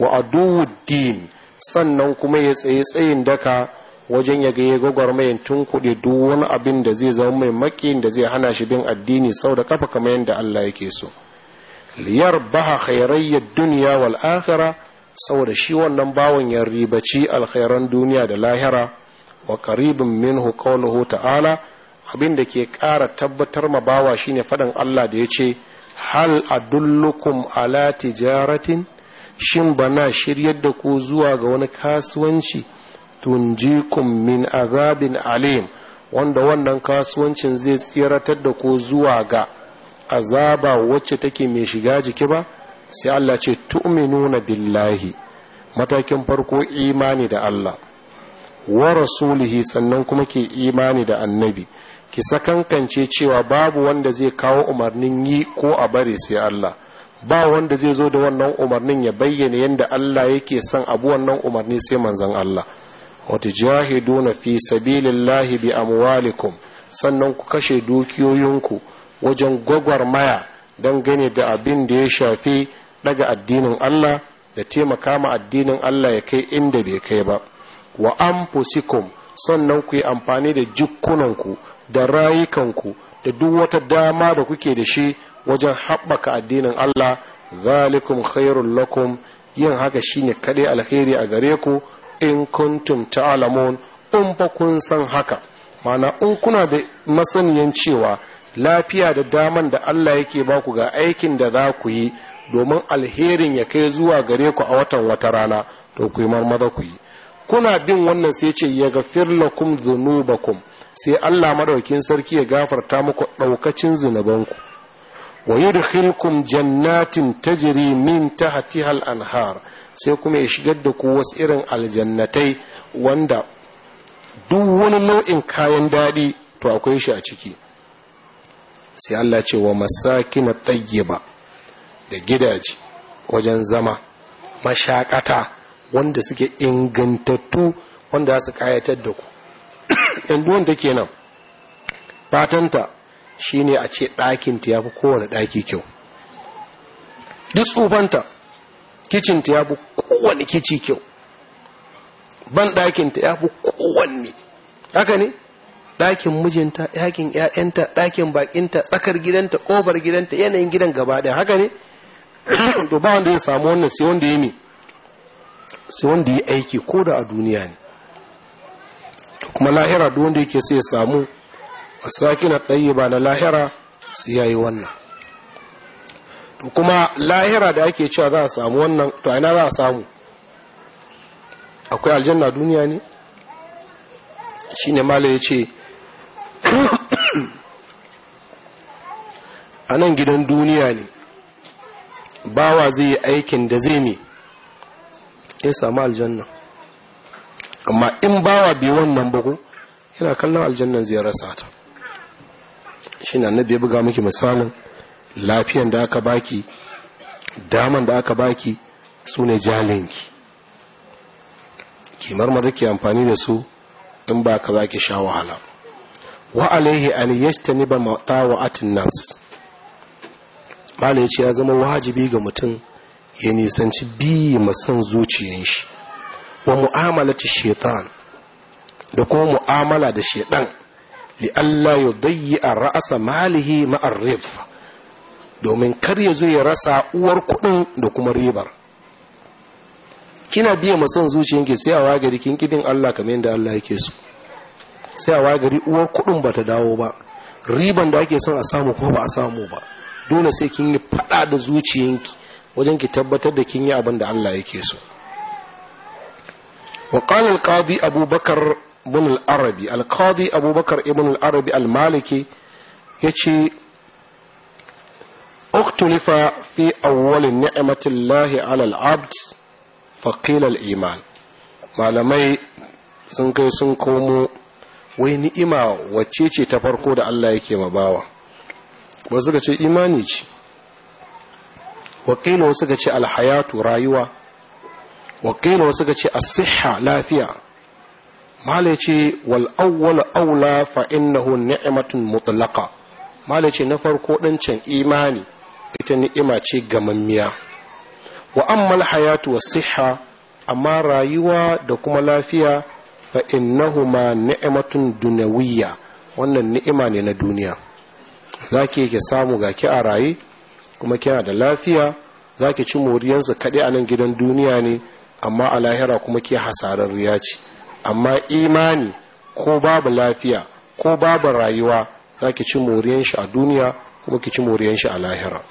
wa aduwuddin sannan kuma ya tsaye tsayin daka wajen ya ga ya gwagwarmayin tun kuɗi duk wani abin da zai zama mai maki da zai hana shi bin addini sau da kafa kamar yadda Allah yake so liyar baha khairayyar duniya wal akhira saboda shi wannan bawan ya ribaci alkhairan duniya da lahira wa karibin minhu qawluhu ta'ala abinda ke ƙara tabbatar ma bawa shine faɗan Allah da ya ce hal adullukum ala tijaratin shin bana shiryar da ku zuwa ga wani kasuwanci tunjikum min azabin alim wanda wannan kasuwancin zai tsiratar da ku zuwa ga azaba wacce take mai shiga jiki ba sai Allah ce tu'minuna billahi matakin farko imani da Allah wa rasulihi sannan kuma ke imani da annabi ki sakankance cewa babu wanda zai kawo umarnin yi ko a bari sai Allah ba wanda zai zo da wannan umarnin ya bayyana yadda Allah yake son abu wannan umarni sai manzon Allah jahidu na fi sabilillahi bi amwalikum sannan ku kashe dukiyoyinku wajen gwagwarmaya maya don dangane da abin da ya shafi daga addinin Allah da taimaka ma addinin Allah ya kai inda bai kai ba wa anfusikum sannan ku yi amfani da jikkunanku da rayukanku da duk wata dama da kuke da shi wajen haɓaka addinin Allah zalikum khairul lakum yin haka shine kaɗai alheri a gare ku in kuntum ta'lamun in fa kun san haka mana in kuna da masaniyan cewa lafiya da daman da Allah yake ba ku ga aikin da za ku yi domin alherin ya kai zuwa gare ku a watan wata rana to ku yi marmaza ku yi kuna bin wannan sai ce ya gafir lakum dhunubakum sai Allah madaukin sarki ya gafarta muku daukacin zunubanku wa yudkhilkum jannatin tajri min tahtiha al-anhar sai kuma ya shigar da ku wasu irin aljannatai wanda duk wani nau'in kayan daɗi to akwai shi a ciki sai Allah ce wa masakin tayyiba da gidaje wajen zama mashakata wanda suke ingantattu wanda za su kayatar da ku yanzu wanda kenan fatanta shine a ce ɗakin ta fi kowane ɗaki kyau duk tsufanta kicin ta yafi kowane kici kyau ban ɗakin ta fi kowanne haka ne ɗakin mijinta ɗakin ƴaƴanta ɗakin baƙinta tsakar gidanta ƙofar gidanta yanayin gidan gaba ɗaya haka ne to ba wanda ya samu wannan sai wanda ya mi sai wanda ya aiki ko da a duniya ne kuma lahira duk wanda yake sai ya samu a sakina ba na lahira sai ya yi wannan to kuma lahira da ake cewa za a samu wannan to ina za a samu akwai aljanna duniya ne shi ne Malam ya ce a nan gidan duniya ne bawa zai yi aikin da zai ne ya samu aljanna amma in bawa bi wannan bako yana kallon aljannan zai rasa ta shi na annabi ya buga miki misalin lafiyan da aka baki daman da aka baki su ne jalinki kimar ma ke amfani da su in ba ka za ki sha wahala wa alaihi an yastani ba matawa atin nas malai ce ya zama wajibi ga mutum ya nisanci bi masan zuciyan shi wa mu'amala ta shaitan da kuma mu'amala da shaitan li Allah ya dayi a ra'asa malihi ma'ar rif domin kar ya zo ya rasa uwar kuɗin da kuma ribar kina biya masan zuciyanki sai a wagari kin kidin Allah kamar yadda Allah yake so sai a waya gari uwar kuɗin ba ta dawo ba riban da ake son a samu ko ba a samu ba dole sai kin yi faɗa da zuciyanki wajen ki tabbatar da kin yi abin da Allah yake so wa qala al-qadi abubakar ibn al-arabi al-qadi abubakar ibn al-arabi al-maliki yace uktulifa fi ni'mati ni'matillahi 'ala al-'abd fa qila al-iman malamai sun kai sun komo wai ni'ima wacce ce ta farko da Allah yake mabawa wasu suka ce imani ce wakila wasu ga ce alhayatu rayuwa wakila wasu ga ce asihha lafiya mala ce wal awwal aula fa innahu ni'matun mutlaqa mala ce na farko ɗancan imani ita ni'ima ce gamammiya wa amma alhayatu wasihha amma rayuwa da kuma lafiya fa innahuma ni'matun dunawiyya wannan ni'ima ne na duniya zaki yake samu ga ki a raye kuma kina da lafiya zaki ci su kaɗai a nan gidan duniya ne amma a lahira kuma ke hasararriya ce amma imani ko babu lafiya ko babu rayuwa zaki ci moriyan shi a duniya kuma ki ci moriyan shi a lahira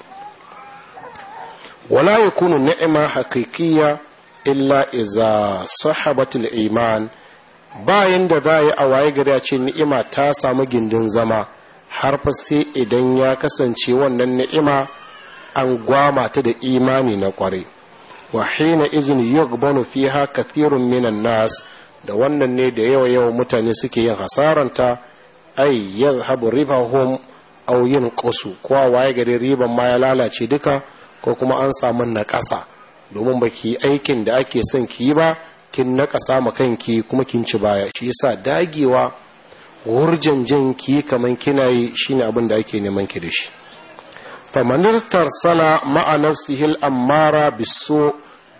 wala yakunu ni'ma haqiqiyya illa iza sahabatul iman bayan da za a waye gari a ce ni'ima ta samu gindin zama har fa sai idan ya kasance wannan ni'ima an gwama ta da imani na kwarai wa hina izin yugbanu fiha kathirun minan nas da wannan ne da yawa yawa mutane suke yin ta ai yadhhabu ribahum aw kusu ko a waye gari riban ma ya lalace duka ko kuma an samu na domin baki aikin da ake son ki ba kin nakasa ma kanki kuma kin ci baya shi yasa dagewa jin ki kaman kina yi shine abin da ake neman ki da shi famanirtar sala ma'a sihil ammara biso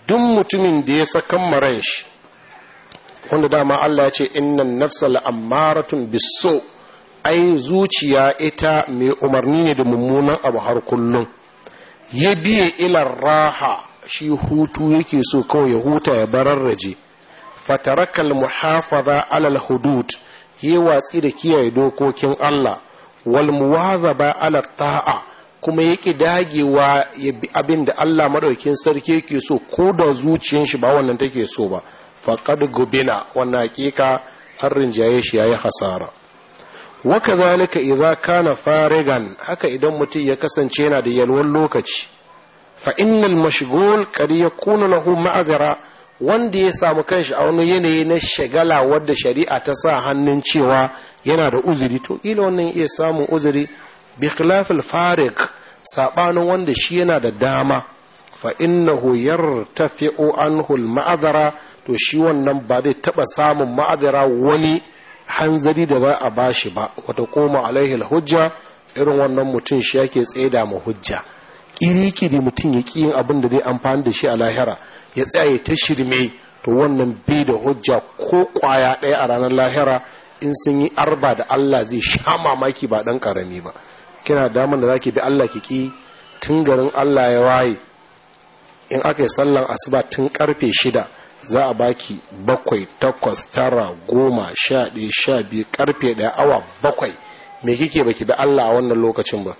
duk mutumin da ya sakan maran shi wanda dama Allah ya ce innan nafsa la'ammaratun biso ai zuciya ita mai umarni ne da mummunan abu har kullum ya biye ilar raha shi hutu yake so kawai ya huta ya bararraje fatarakal muhafaza alal hudud yi watsi da kiyaye dokokin Allah wal muwazaba ala ta'a kuma yake dagewa ya bi abin da Allah madaukin sarki yake so ko da zuciyar shi ba wannan take so ba faqad gubina wannan hakika har rinjaye shi yayi hasara wa kazalika idza kana farigan haka idan mutum ya kasance yana da yalwan lokaci fa innal mashghul kad yakunu lahu ma'azara wanda ya samu kanshi a wani yanayi na shagala wadda shari'a ta sa hannun cewa yana da uzuri to kila wannan iya samun uzuri bi khilafil fariq sabanin wanda shi yana da dama fa innahu yartafi'u anhu al ma'azara to shi wannan ba zai taba samun ma'azara wani hanzari da ba a bashi ba wata koma alaihi hujja irin wannan mutum shi yake tsaida mu hujja da mutum ya ƙi yin abin da zai amfani da shi a lahira ya tsaya ta shirme to wannan bai da hujja ko kwaya ɗaya a ranar lahira in sun yi arba da Allah zai sha mamaki ba ɗan ƙarami ba kina damar da za zaki bi Allah ki ƙi tun garin Allah ya waye in aka yi sallan asuba tun ƙarfe shida za a baki bakwai takwas tara goma sha ɗaya sha biyu ƙarfe ɗaya awa bakwai me kike baki bi Allah a wannan lokacin ba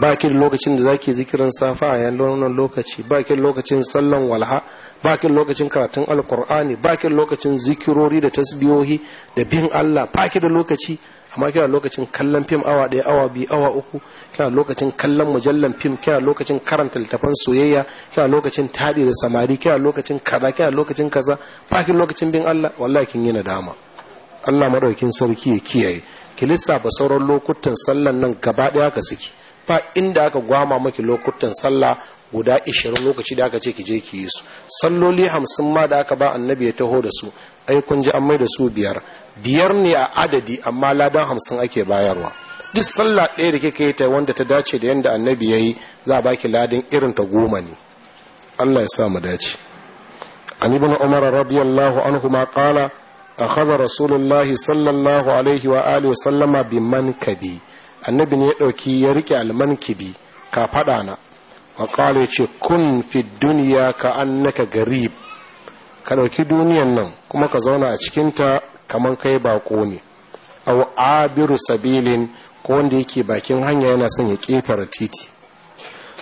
ba ki da lokacin da zaki zikirin safa a yan wannan lokaci ba ki lokacin sallan walha ba ki lokacin karatun alkur'ani ba ki lokacin zikirori da tasbiyohi da bin Allah ba ki da lokaci amma kina lokacin kallon fim awa ɗaya awa biyu awa uku kina lokacin kallon mujallan fim kina lokacin karanta littafan soyayya kina lokacin taɗi da samari kina lokacin kaza kina lokacin kaza ba ki lokacin bin Allah wallahi kin yi nadama Allah madaukin sarki ya kiyaye ki lissafa sauran lokutan sallan nan gaba ɗaya ka siki ba inda aka gwama maki lokutan sallah guda 20 lokaci da aka ce ki je ki yi su salloli 50 ma da aka ba annabi ya taho da su ai kun ji an mai da su biyar biyar ne a adadi amma ladan 50 ake bayarwa duk sallah ɗaya da kika yi ta wanda ta dace da yanda annabi yayi za a baki ladin irin ta goma ne Allah ya sa mu dace an ibn umar radiyallahu anhu ma qala akhadha rasulullahi sallallahu alaihi wa alihi wa sallama bi mankabi annabi ne ya ɗauki ya riƙe almankibi ka faɗa na maƙala ya ce kun fi duniya ka annaka garib ka ɗauki duniyan nan kuma ka zauna a cikinta kamar kai baƙo ne au abiru sabilin ko wanda yake bakin hanya yana son ya ƙetare titi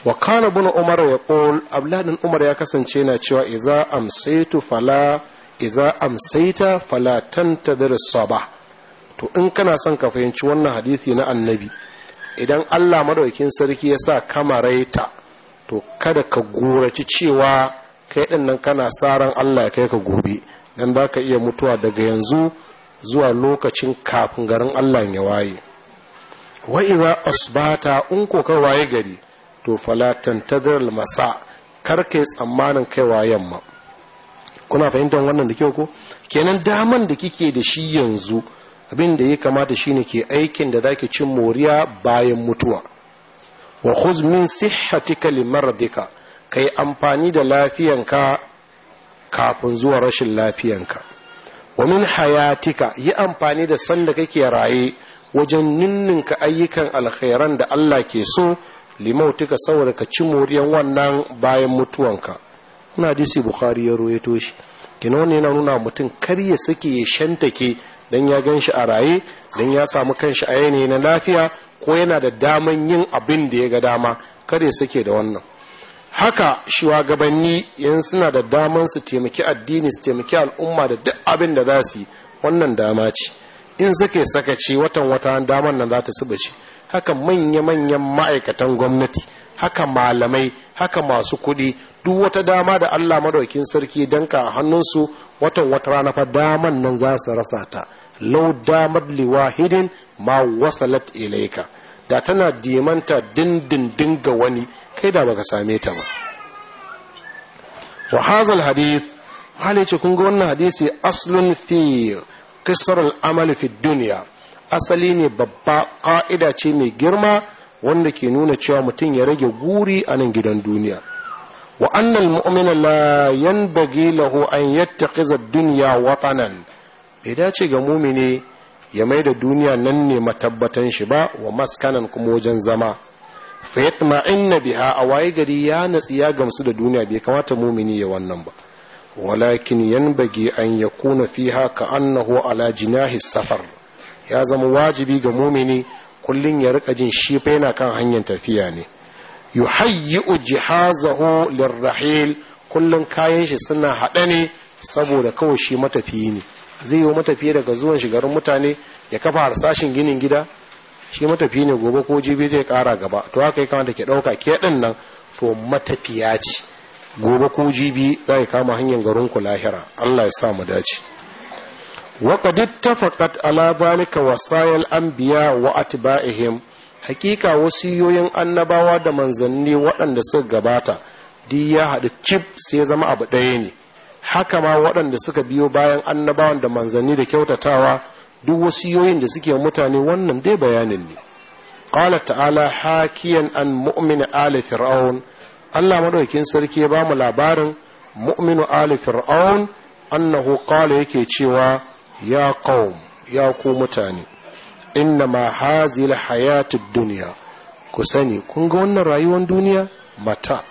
wa kana bin umar ya qul abladin umar ya kasance yana cewa iza amsaitu fala iza amsaita fala tantadir sabah to in kana son ka fahimci wannan hadisi na annabi idan Allah madaukin sarki ya sa ta to kada ka goraci cewa kai din nan kana ran Allah ya kai ka gobe dan ka iya mutuwa daga yanzu zuwa lokacin kafin garin Allah ya waye wa idza asbata in ko ka waye gari to fala tantadir masa kar yi tsammanin kaiwa yamma. kuna fahimtar wannan da kyau ko kenan daman da kike da shi yanzu abin da ya kamata shine ke aikin da zaki cin moriya bayan mutuwa wa khuz min sihhatika Ka kai amfani da lafiyanka kafin zuwa rashin lafiyanka wa min hayatika yi amfani da sanda kake raye wajen ninninka ayyukan alkhairan da Allah ke so limautika saboda ka ci moriyan wannan bayan mutuwanka ina disi bukhari ya ruwaito toshi. kina wannan yana nuna mutum kar ya sake ya shantake dan ya gan shi a raye dan ya samu kanshi a yanayi na lafiya ko yana da daman yin abin da ya ga dama kada ya sake da wannan haka shugabanni yan suna da daman su taimaki addini su taimaki al'umma da duk abin da za su yi wannan dama ce in suke sakaci watan wata daman nan za ta bace haka manya-manyan ma'aikatan gwamnati haka malamai haka masu kuɗi duk wata dama da Allah madaukin sarki danka a hannunsu watan wata rana fa daman nan za su rasa ta law damat liwahidin ma wasalat ilaika da tana dimanta dindindin ga wani kai da baka same ta ba wa hadha alhadith hali ce kun ga wannan hadisi aslun fi qisr al'amal fi dunya asali ne babba ka'ida ce mai girma wanda ke nuna cewa mutum ya rage guri a nan gidan duniya wa annal mu'mina la yanbaghi lahu an yattaqiza ad-dunya watanan bai dace ga mumini ya mai da duniya nan ne matabbatan shi ba wa maskanan kuma wajen zama in na biya a waye gari ya natsi ya gamsu da duniya bai kamata mumini ya wannan ba walakin yan yanbagi an haka an na annahu ala jinahi safar ya zama wajibi ga mumini kullum ya rika jin shi fa yana kan hanyar tafiya ne yuhayyi'u jihazahu lirrahil kullum kayan shi suna haɗa ne saboda kawai shi matafiyi ne zai yi matafiya daga zuwan shigarin mutane ya kafa harsashin ginin gida shi matafi ne gobe ko jibi zai kara gaba to haka ya kamata ke ɗauka ke din nan to matafiya ce gobe ko jibi za ya kama hanyar garin ku lahira Allah ya sa mu dace wa qad ittafaqat ala balika wasayil anbiya wa atba'ihim hakika wasiyoyin annabawa da manzanni waɗanda suka gabata duk ya haɗu cif sai zama abu ɗaya ne haka ma waɗanda suka biyo bayan annabawan da manzanni da kyautatawa duk wasu yoyin da suke mutane wannan dai bayanin ne qala ta'ala hakiyan an mu'mini ali fir'aun Allah maɗaukin sarki ya bamu labarin mu'minu ali fir'aun annahu qala yake cewa ya qaum ya ku mutane inna ma hazil hayatud duniya ku sani kun ga wannan rayuwar duniya mata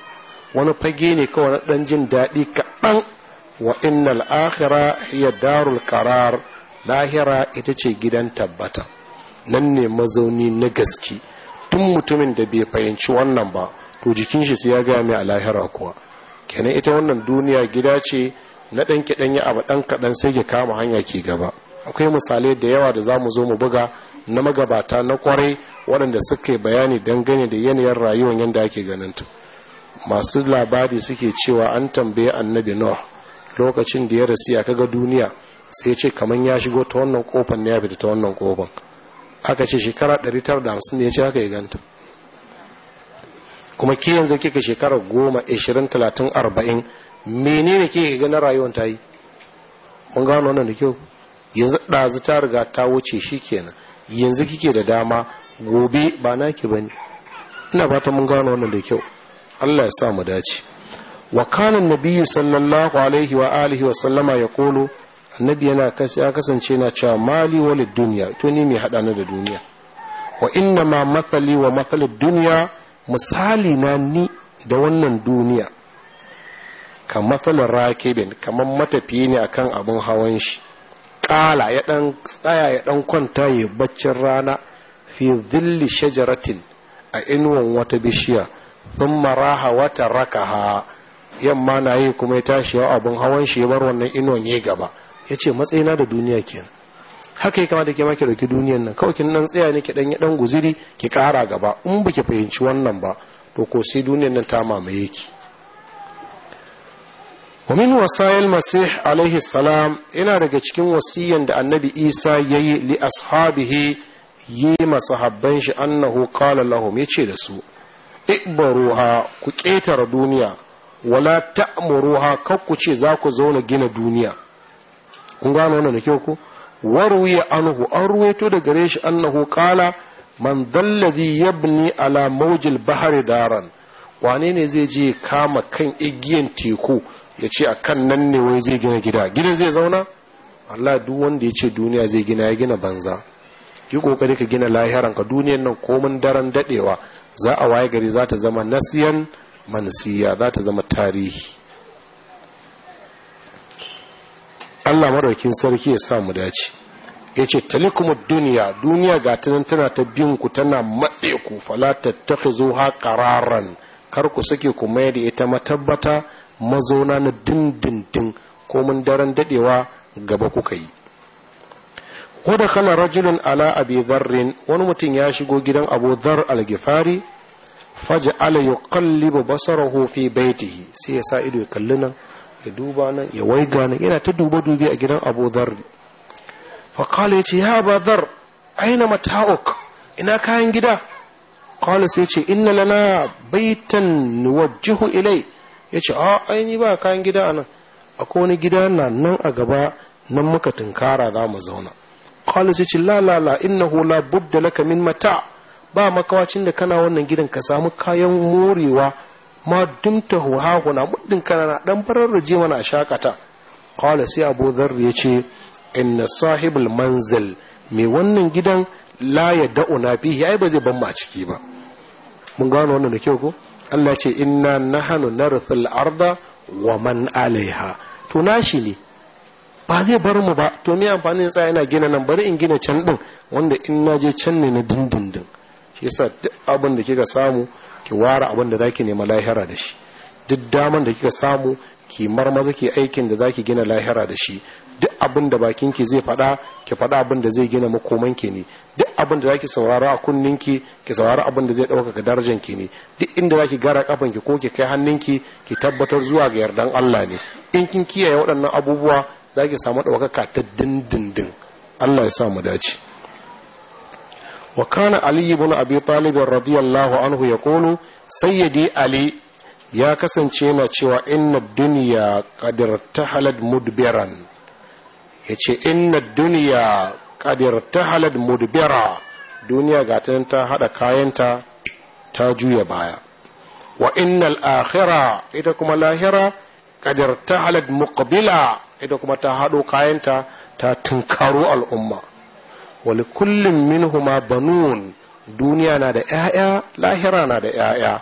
wani fage ne kawai na ɗan jin daɗi kaɗan wa innal akhira hiya darul qarar lahira ita ce gidan tabbata nan ne mazauni na gaske tun mutumin da bai fahimci wannan ba to jikin shi sai ya ga mai a lahira kuwa kenan ita wannan duniya gida ce na dan kidan ya abu dan sai ya kama hanya ke gaba akwai misalai da yawa da zamu zo mu buga na magabata na kwarai waɗanda suka yi bayani dangane da yanayin rayuwar yadda ake ganin ganinta masu labari suke cewa an tambaye annabi nuh lokacin da ya rasiya kaga duniya sai ce kamar ya shigo ta wannan kofar ne ya fita ta wannan kofar aka ce shekara 950 ne ya ce haka ya ganta kuma ke yanzu kika shekara 10 20 30 40 menene kike ga na rayuwar ta yi mun gano wannan da kyau yanzu ɗazu ta riga ta wuce shi kenan yanzu kike da dama gobe ba naki bane ina fata mun gano wannan da kyau Allah ya sa mu dace wa kana nabiyyu sallallahu alaihi wa alihi wa sallama ya kolo annabi yana ya kasance na cewa mali walid duniya to ni mai hada da duniya wa inna ma mathali wa mathali duniya misali na ni da wannan duniya ka matsalar rakibin kamar matafiyi ne akan abin hawan shi kala ya dan tsaya ya dan kwanta ya baccin rana fi dhilli shajaratin a inuwan wata bishiya thumma raha wata rakaha yamma na yi kuma ya tashi ya abin hawan shi ya bar wannan inon ya gaba ya ce matsayina da duniya kenan haka ya kamata ke ki dauki duniyan nan kawai kin nan tsaya ne ki ɗanyi ɗan guziri ki ƙara gaba in ba ki fahimci wannan ba to ko sai duniyan nan ta mamaye ki wa min wasayil masih alaihi salam yana daga cikin wasiyan da annabi isa ya yi li ashabihi yi masahabban shi annahu qala lahum yace da su ibaruha ku ƙetare duniya wala ta'muruha kakku ce za ku zauna gina duniya kun gano wannan da kyau ko warwiya anhu an ruwaito da gare shi annahu qala man dalladhi yabni ala mawjil bahri daran wane ne zai je kama kan igiyan teku ya ce a kan nan ne wai zai gina gida gidan zai zauna Allah duk wanda ya ce duniya zai gina ya gina banza yi kokari ka gina lahiranka duniyan nan komin daren dadewa za a waye gari za ta zama nasiyan manasiya za ta zama tarihi Allah maraukin sarki ya sa mu dace ya ce talikumar duniya duniya ga tunan tana ta biyun ku tana matse ku falatar ta zo ha ƙararan kar ku suke ku mai da ita matabbata mazauna na dindindin ko mun daren dadewa gaba kuka yi ko da kana rajulun ala abi wani mutum ya shigo gidan abu zar al-gifari faj'ala yuqallibu basarahu fi baitihi sai ya sa ido ya kalli nan ya duba nan ya waiga nan yana ta duba dubi a gidan Abu Dharr fa qala yace ya ba aina mata'uk ina kayan gida qala sai yace inna lana baitan nuwajjihu ilai yace a aini ba kayan gida anan akwai wani gida na nan a gaba nan muka tunkara za mu zauna qala sai yace la la la innahu la budda laka min mata' ba makawacin da kana wannan gidan ka samu kayan morewa ma dumta huhahuna muddin kana na dan farar raje mana a shakata qala sai abu zar ya ce inna sahibul manzil mai wannan gidan la ya da'una fihi ai ba zai ban a ciki ba mun gano wannan da kyau ko Allah ce inna nahanu narthul arda wa man alaiha to nashi ne ba zai bar mu ba to me amfanin tsaya yana gina nan bari in gina can din wanda in naje can ne na dindindin shi yasa duk abin da kika samu ki ware abin da zaki nema lahira da shi duk daman da kika samu ki marmaza ki aikin da zaki gina lahira da shi duk abin da bakin ki zai fada ki fada abin da zai gina makoman ki ne duk abin da zaki saurara a kunnin ki ki saurara abin da zai ɗaukaka darajar ki ne duk inda zaki gara kafan ki ko ki kai hannun ki ki tabbatar zuwa ga yardan Allah ne in kin kiyaye waɗannan abubuwa zaki samu ɗaukaka ta dindindin Allah ya sa mu dace wa kana ali ibn abi talib radiyallahu anhu yaqulu sayyidi ali ya kasance yana cewa inna duniya qadir tahalad mudbiran yace inna duniya qadir tahalad mudbira duniya gata ta haɗa kayanta ta juya baya wa innal akhira ita kuma lahira qadir halad muqbila ita kuma ta haɗo kayanta ta tunkaro al'umma wali kullum minhuma banun duniya na da 'ya'ya lahira na da 'ya'ya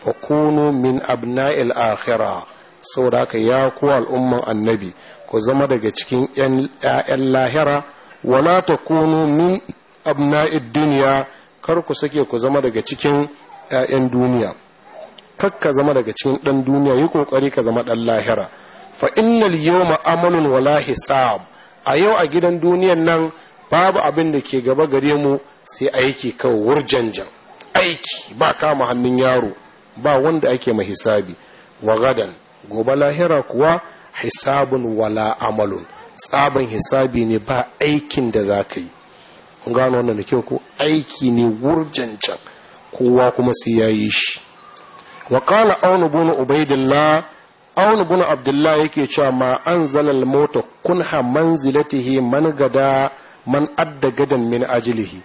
fakunu min abna'il akhira saboda haka ya ku al'umman annabi ku zama daga cikin 'ya'yan lahira wala takunu min abna'id duniya kar ku sake ku zama daga cikin 'ya'yan duniya kar ka zama daga cikin ɗan duniya yi kokari ka zama ɗan lahira fa innal yawma amalun wala hisab a yau a gidan duniyan nan babu abin da ke gaba gare mu sai aiki kawai wurjanjan aiki ba kama hannun yaro ba wanda ake ma hisabi wa gadan gobe lahira kuwa hisabun wala amalun tsaban hisabi ne ba aikin da za ka yi kun gano wannan da kyau ko aiki ne wurjancan kowa kuma sai ya yi shi wa kala aunu bunu ubaidillah aunu bunu abdullah yake cewa ma anzalal mota kunha manzilatihi man gada man adda gadan min ajilihi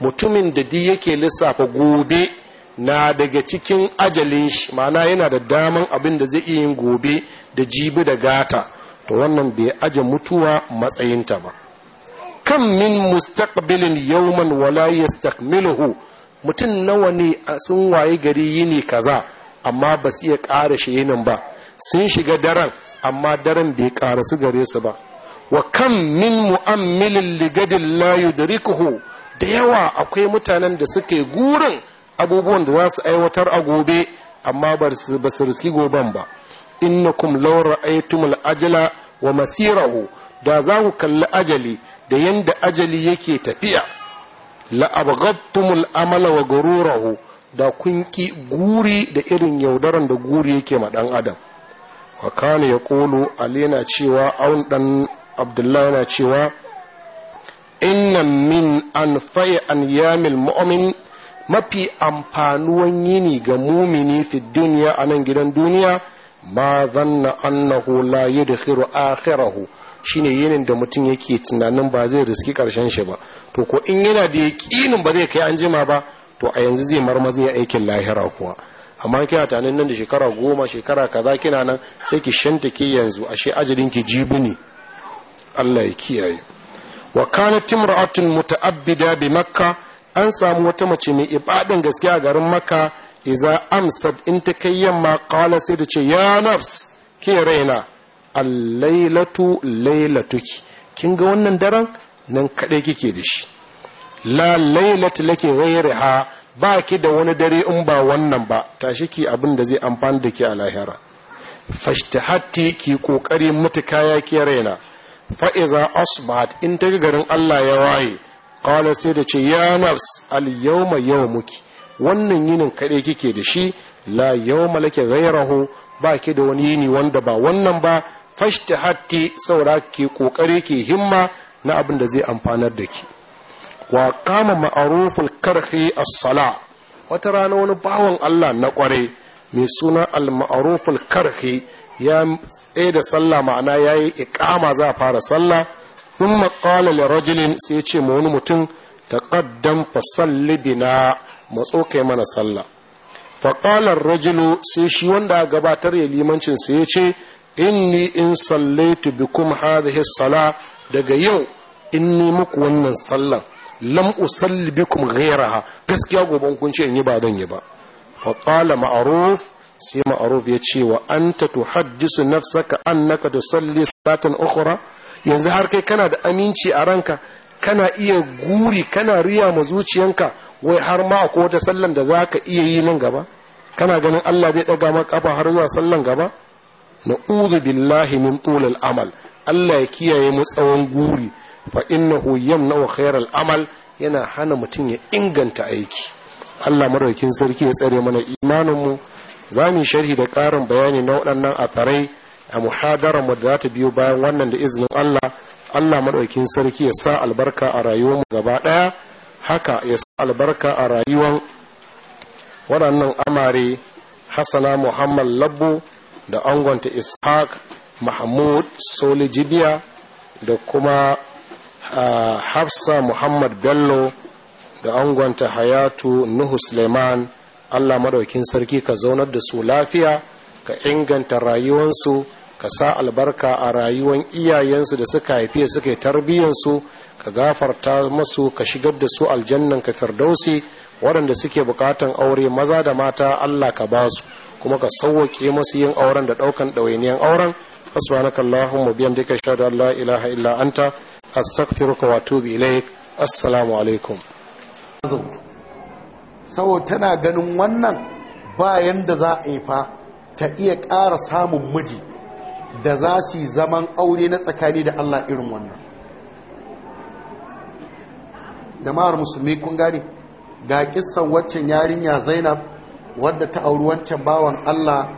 mutumin da di yake lissafa gobe na daga cikin ajalin shi ma'ana yana da daman abin da zai iya yin gobe da jibi da gata to wannan bai aje mutuwa matsayinta ba kan min mustaqbilin yawman wala yastakmiluhu mutum nawa ne sun waye gari yini kaza amma ba su iya ƙara shi yinin ba sun shiga daren amma daren bai ƙara su gare su ba wa kam min mu'ammilin ligadin la yudrikuhu da yawa akwai mutanen da suke gurin abubuwan da za su aiwatar a gobe amma ba su riski goben ba kuma law ra'aytumul ajala wa masirahu da za ku kalli ajali da yanda ajali yake tafiya la abghadtumul amala wa gururahu da kun guri da irin yaudaran da guri yake ma dan adam wa kana yaqulu alina cewa aun ɗan. abdullahi yana cewa inna min an faye an yamil mu'min mafi amfanuwan yini ga mumini fi duniya a nan gidan duniya ma zanna annahu la yadkhiru akhirahu shine yinin da mutum yake tunanin ba zai riski karshen shi ba to ko in yana da yaqinin ba zai kai an jima ba to a yanzu zai marmaza ya aikin lahira kuwa amma kina tunanin nan da shekara goma shekara kaza kina nan sai ki shanta ke yanzu ashe ajalin ki jibi ne Allah ya kiyaye wa kanat timra'atun muta'abbida bi makka an samu wata mace mai ibadin gaskiya a garin makka iza amsad in ta kai yamma qala sai da ce ya nafs ke raina al-lailatu lailatuki kin ga wannan daren nan kaɗai kike da shi la lailatu laki ghayriha ba ki da wani dare in ba wannan ba tashi ki abin da zai amfani da ki a lahira fashtahatti ki kokari mutuka ya ki raina fa'iza asbat in ta garin Allah ya waye kala sai da ce ya nafs al yau muki, wannan yinin kaɗai kike da shi la yawma laki ghayrahu ba ki da wani yini wanda ba wannan ba hatti saura ke kokare ke himma na abin da zai amfanar da ke. wa kama ma'arufin karhi as-sala wata rana wani bawan Allah na ƙware mai suna al maarufin karhi ya tsaye da sallah ma'ana ya yi ikama za a fara sallah tun maƙala da rajulin sai ce ma wani mutum ta ƙaddan fasalli bina matso kai mana sallah faƙalar rajulu sai shi wanda a gabatar ya limancin sai ya ce inni in sallaitu bikum hadhihi sala daga yau inni muku wannan sallan lam usalli bikum ghayraha gaskiya gobe kun ce in yi ba dan yi ba faƙala ma'aruf sai ma'aruf ya ce wa an anta tuhaddisu nafsaka annaka tusalli salatan ukhra yanzu har kai kana da aminci a ranka kana iya guri kana riya ma zuciyanka wai har ma akwai wata sallan da zaka iya yi nan gaba kana ganin Allah zai daga maka kafa har zuwa sallan gaba na'udhu billahi min tulil amal Allah ya kiyaye mu tsawon guri fa innahu yamna'u khairal amal yana hana mutum ya inganta aiki Allah maraukin sarki ya tsare mana imaninmu za mu sharhi da ƙarin bayani na waɗannan atsarai a muhadarar mu da za ta biyo bayan wannan da izinin Allah Allah maɗaukin sarki ya sa albarka a rayuwar mu gaba ɗaya haka ya sa albarka a rayuwar waɗannan amare Hassana Muhammad Labbo da angonta Ishaq Mahmud Soli Jibiya da kuma Hafsa Muhammad Bello da angonta Hayatu Nuhu Suleiman Allah madaukin sarki ka zaunar da su lafiya ka inganta rayuwansu ka sa albarka a rayuwan iyayensu da suka haifi suka yi tarbiyyansu ka gafarta masu ka shigar da su aljannan ka firdausi waɗanda suke bukatan aure maza da mata Allah ka ba su kuma ka sauwaƙe masu yin auren da ɗaukan ɗawainiyan auren subhanakallahumma bihamdika ashhadu an la ilaha illa anta astaghfiruka wa atubu ilaik assalamu alaikum saboda tana ganin wannan bayan da za a yi fa ta iya ƙara samun miji da za su zaman aure na tsakani da Allah irin wannan da musulmi kun gane ga kissan waccan yarinya zainab wadda ta auri wancan bawan Allah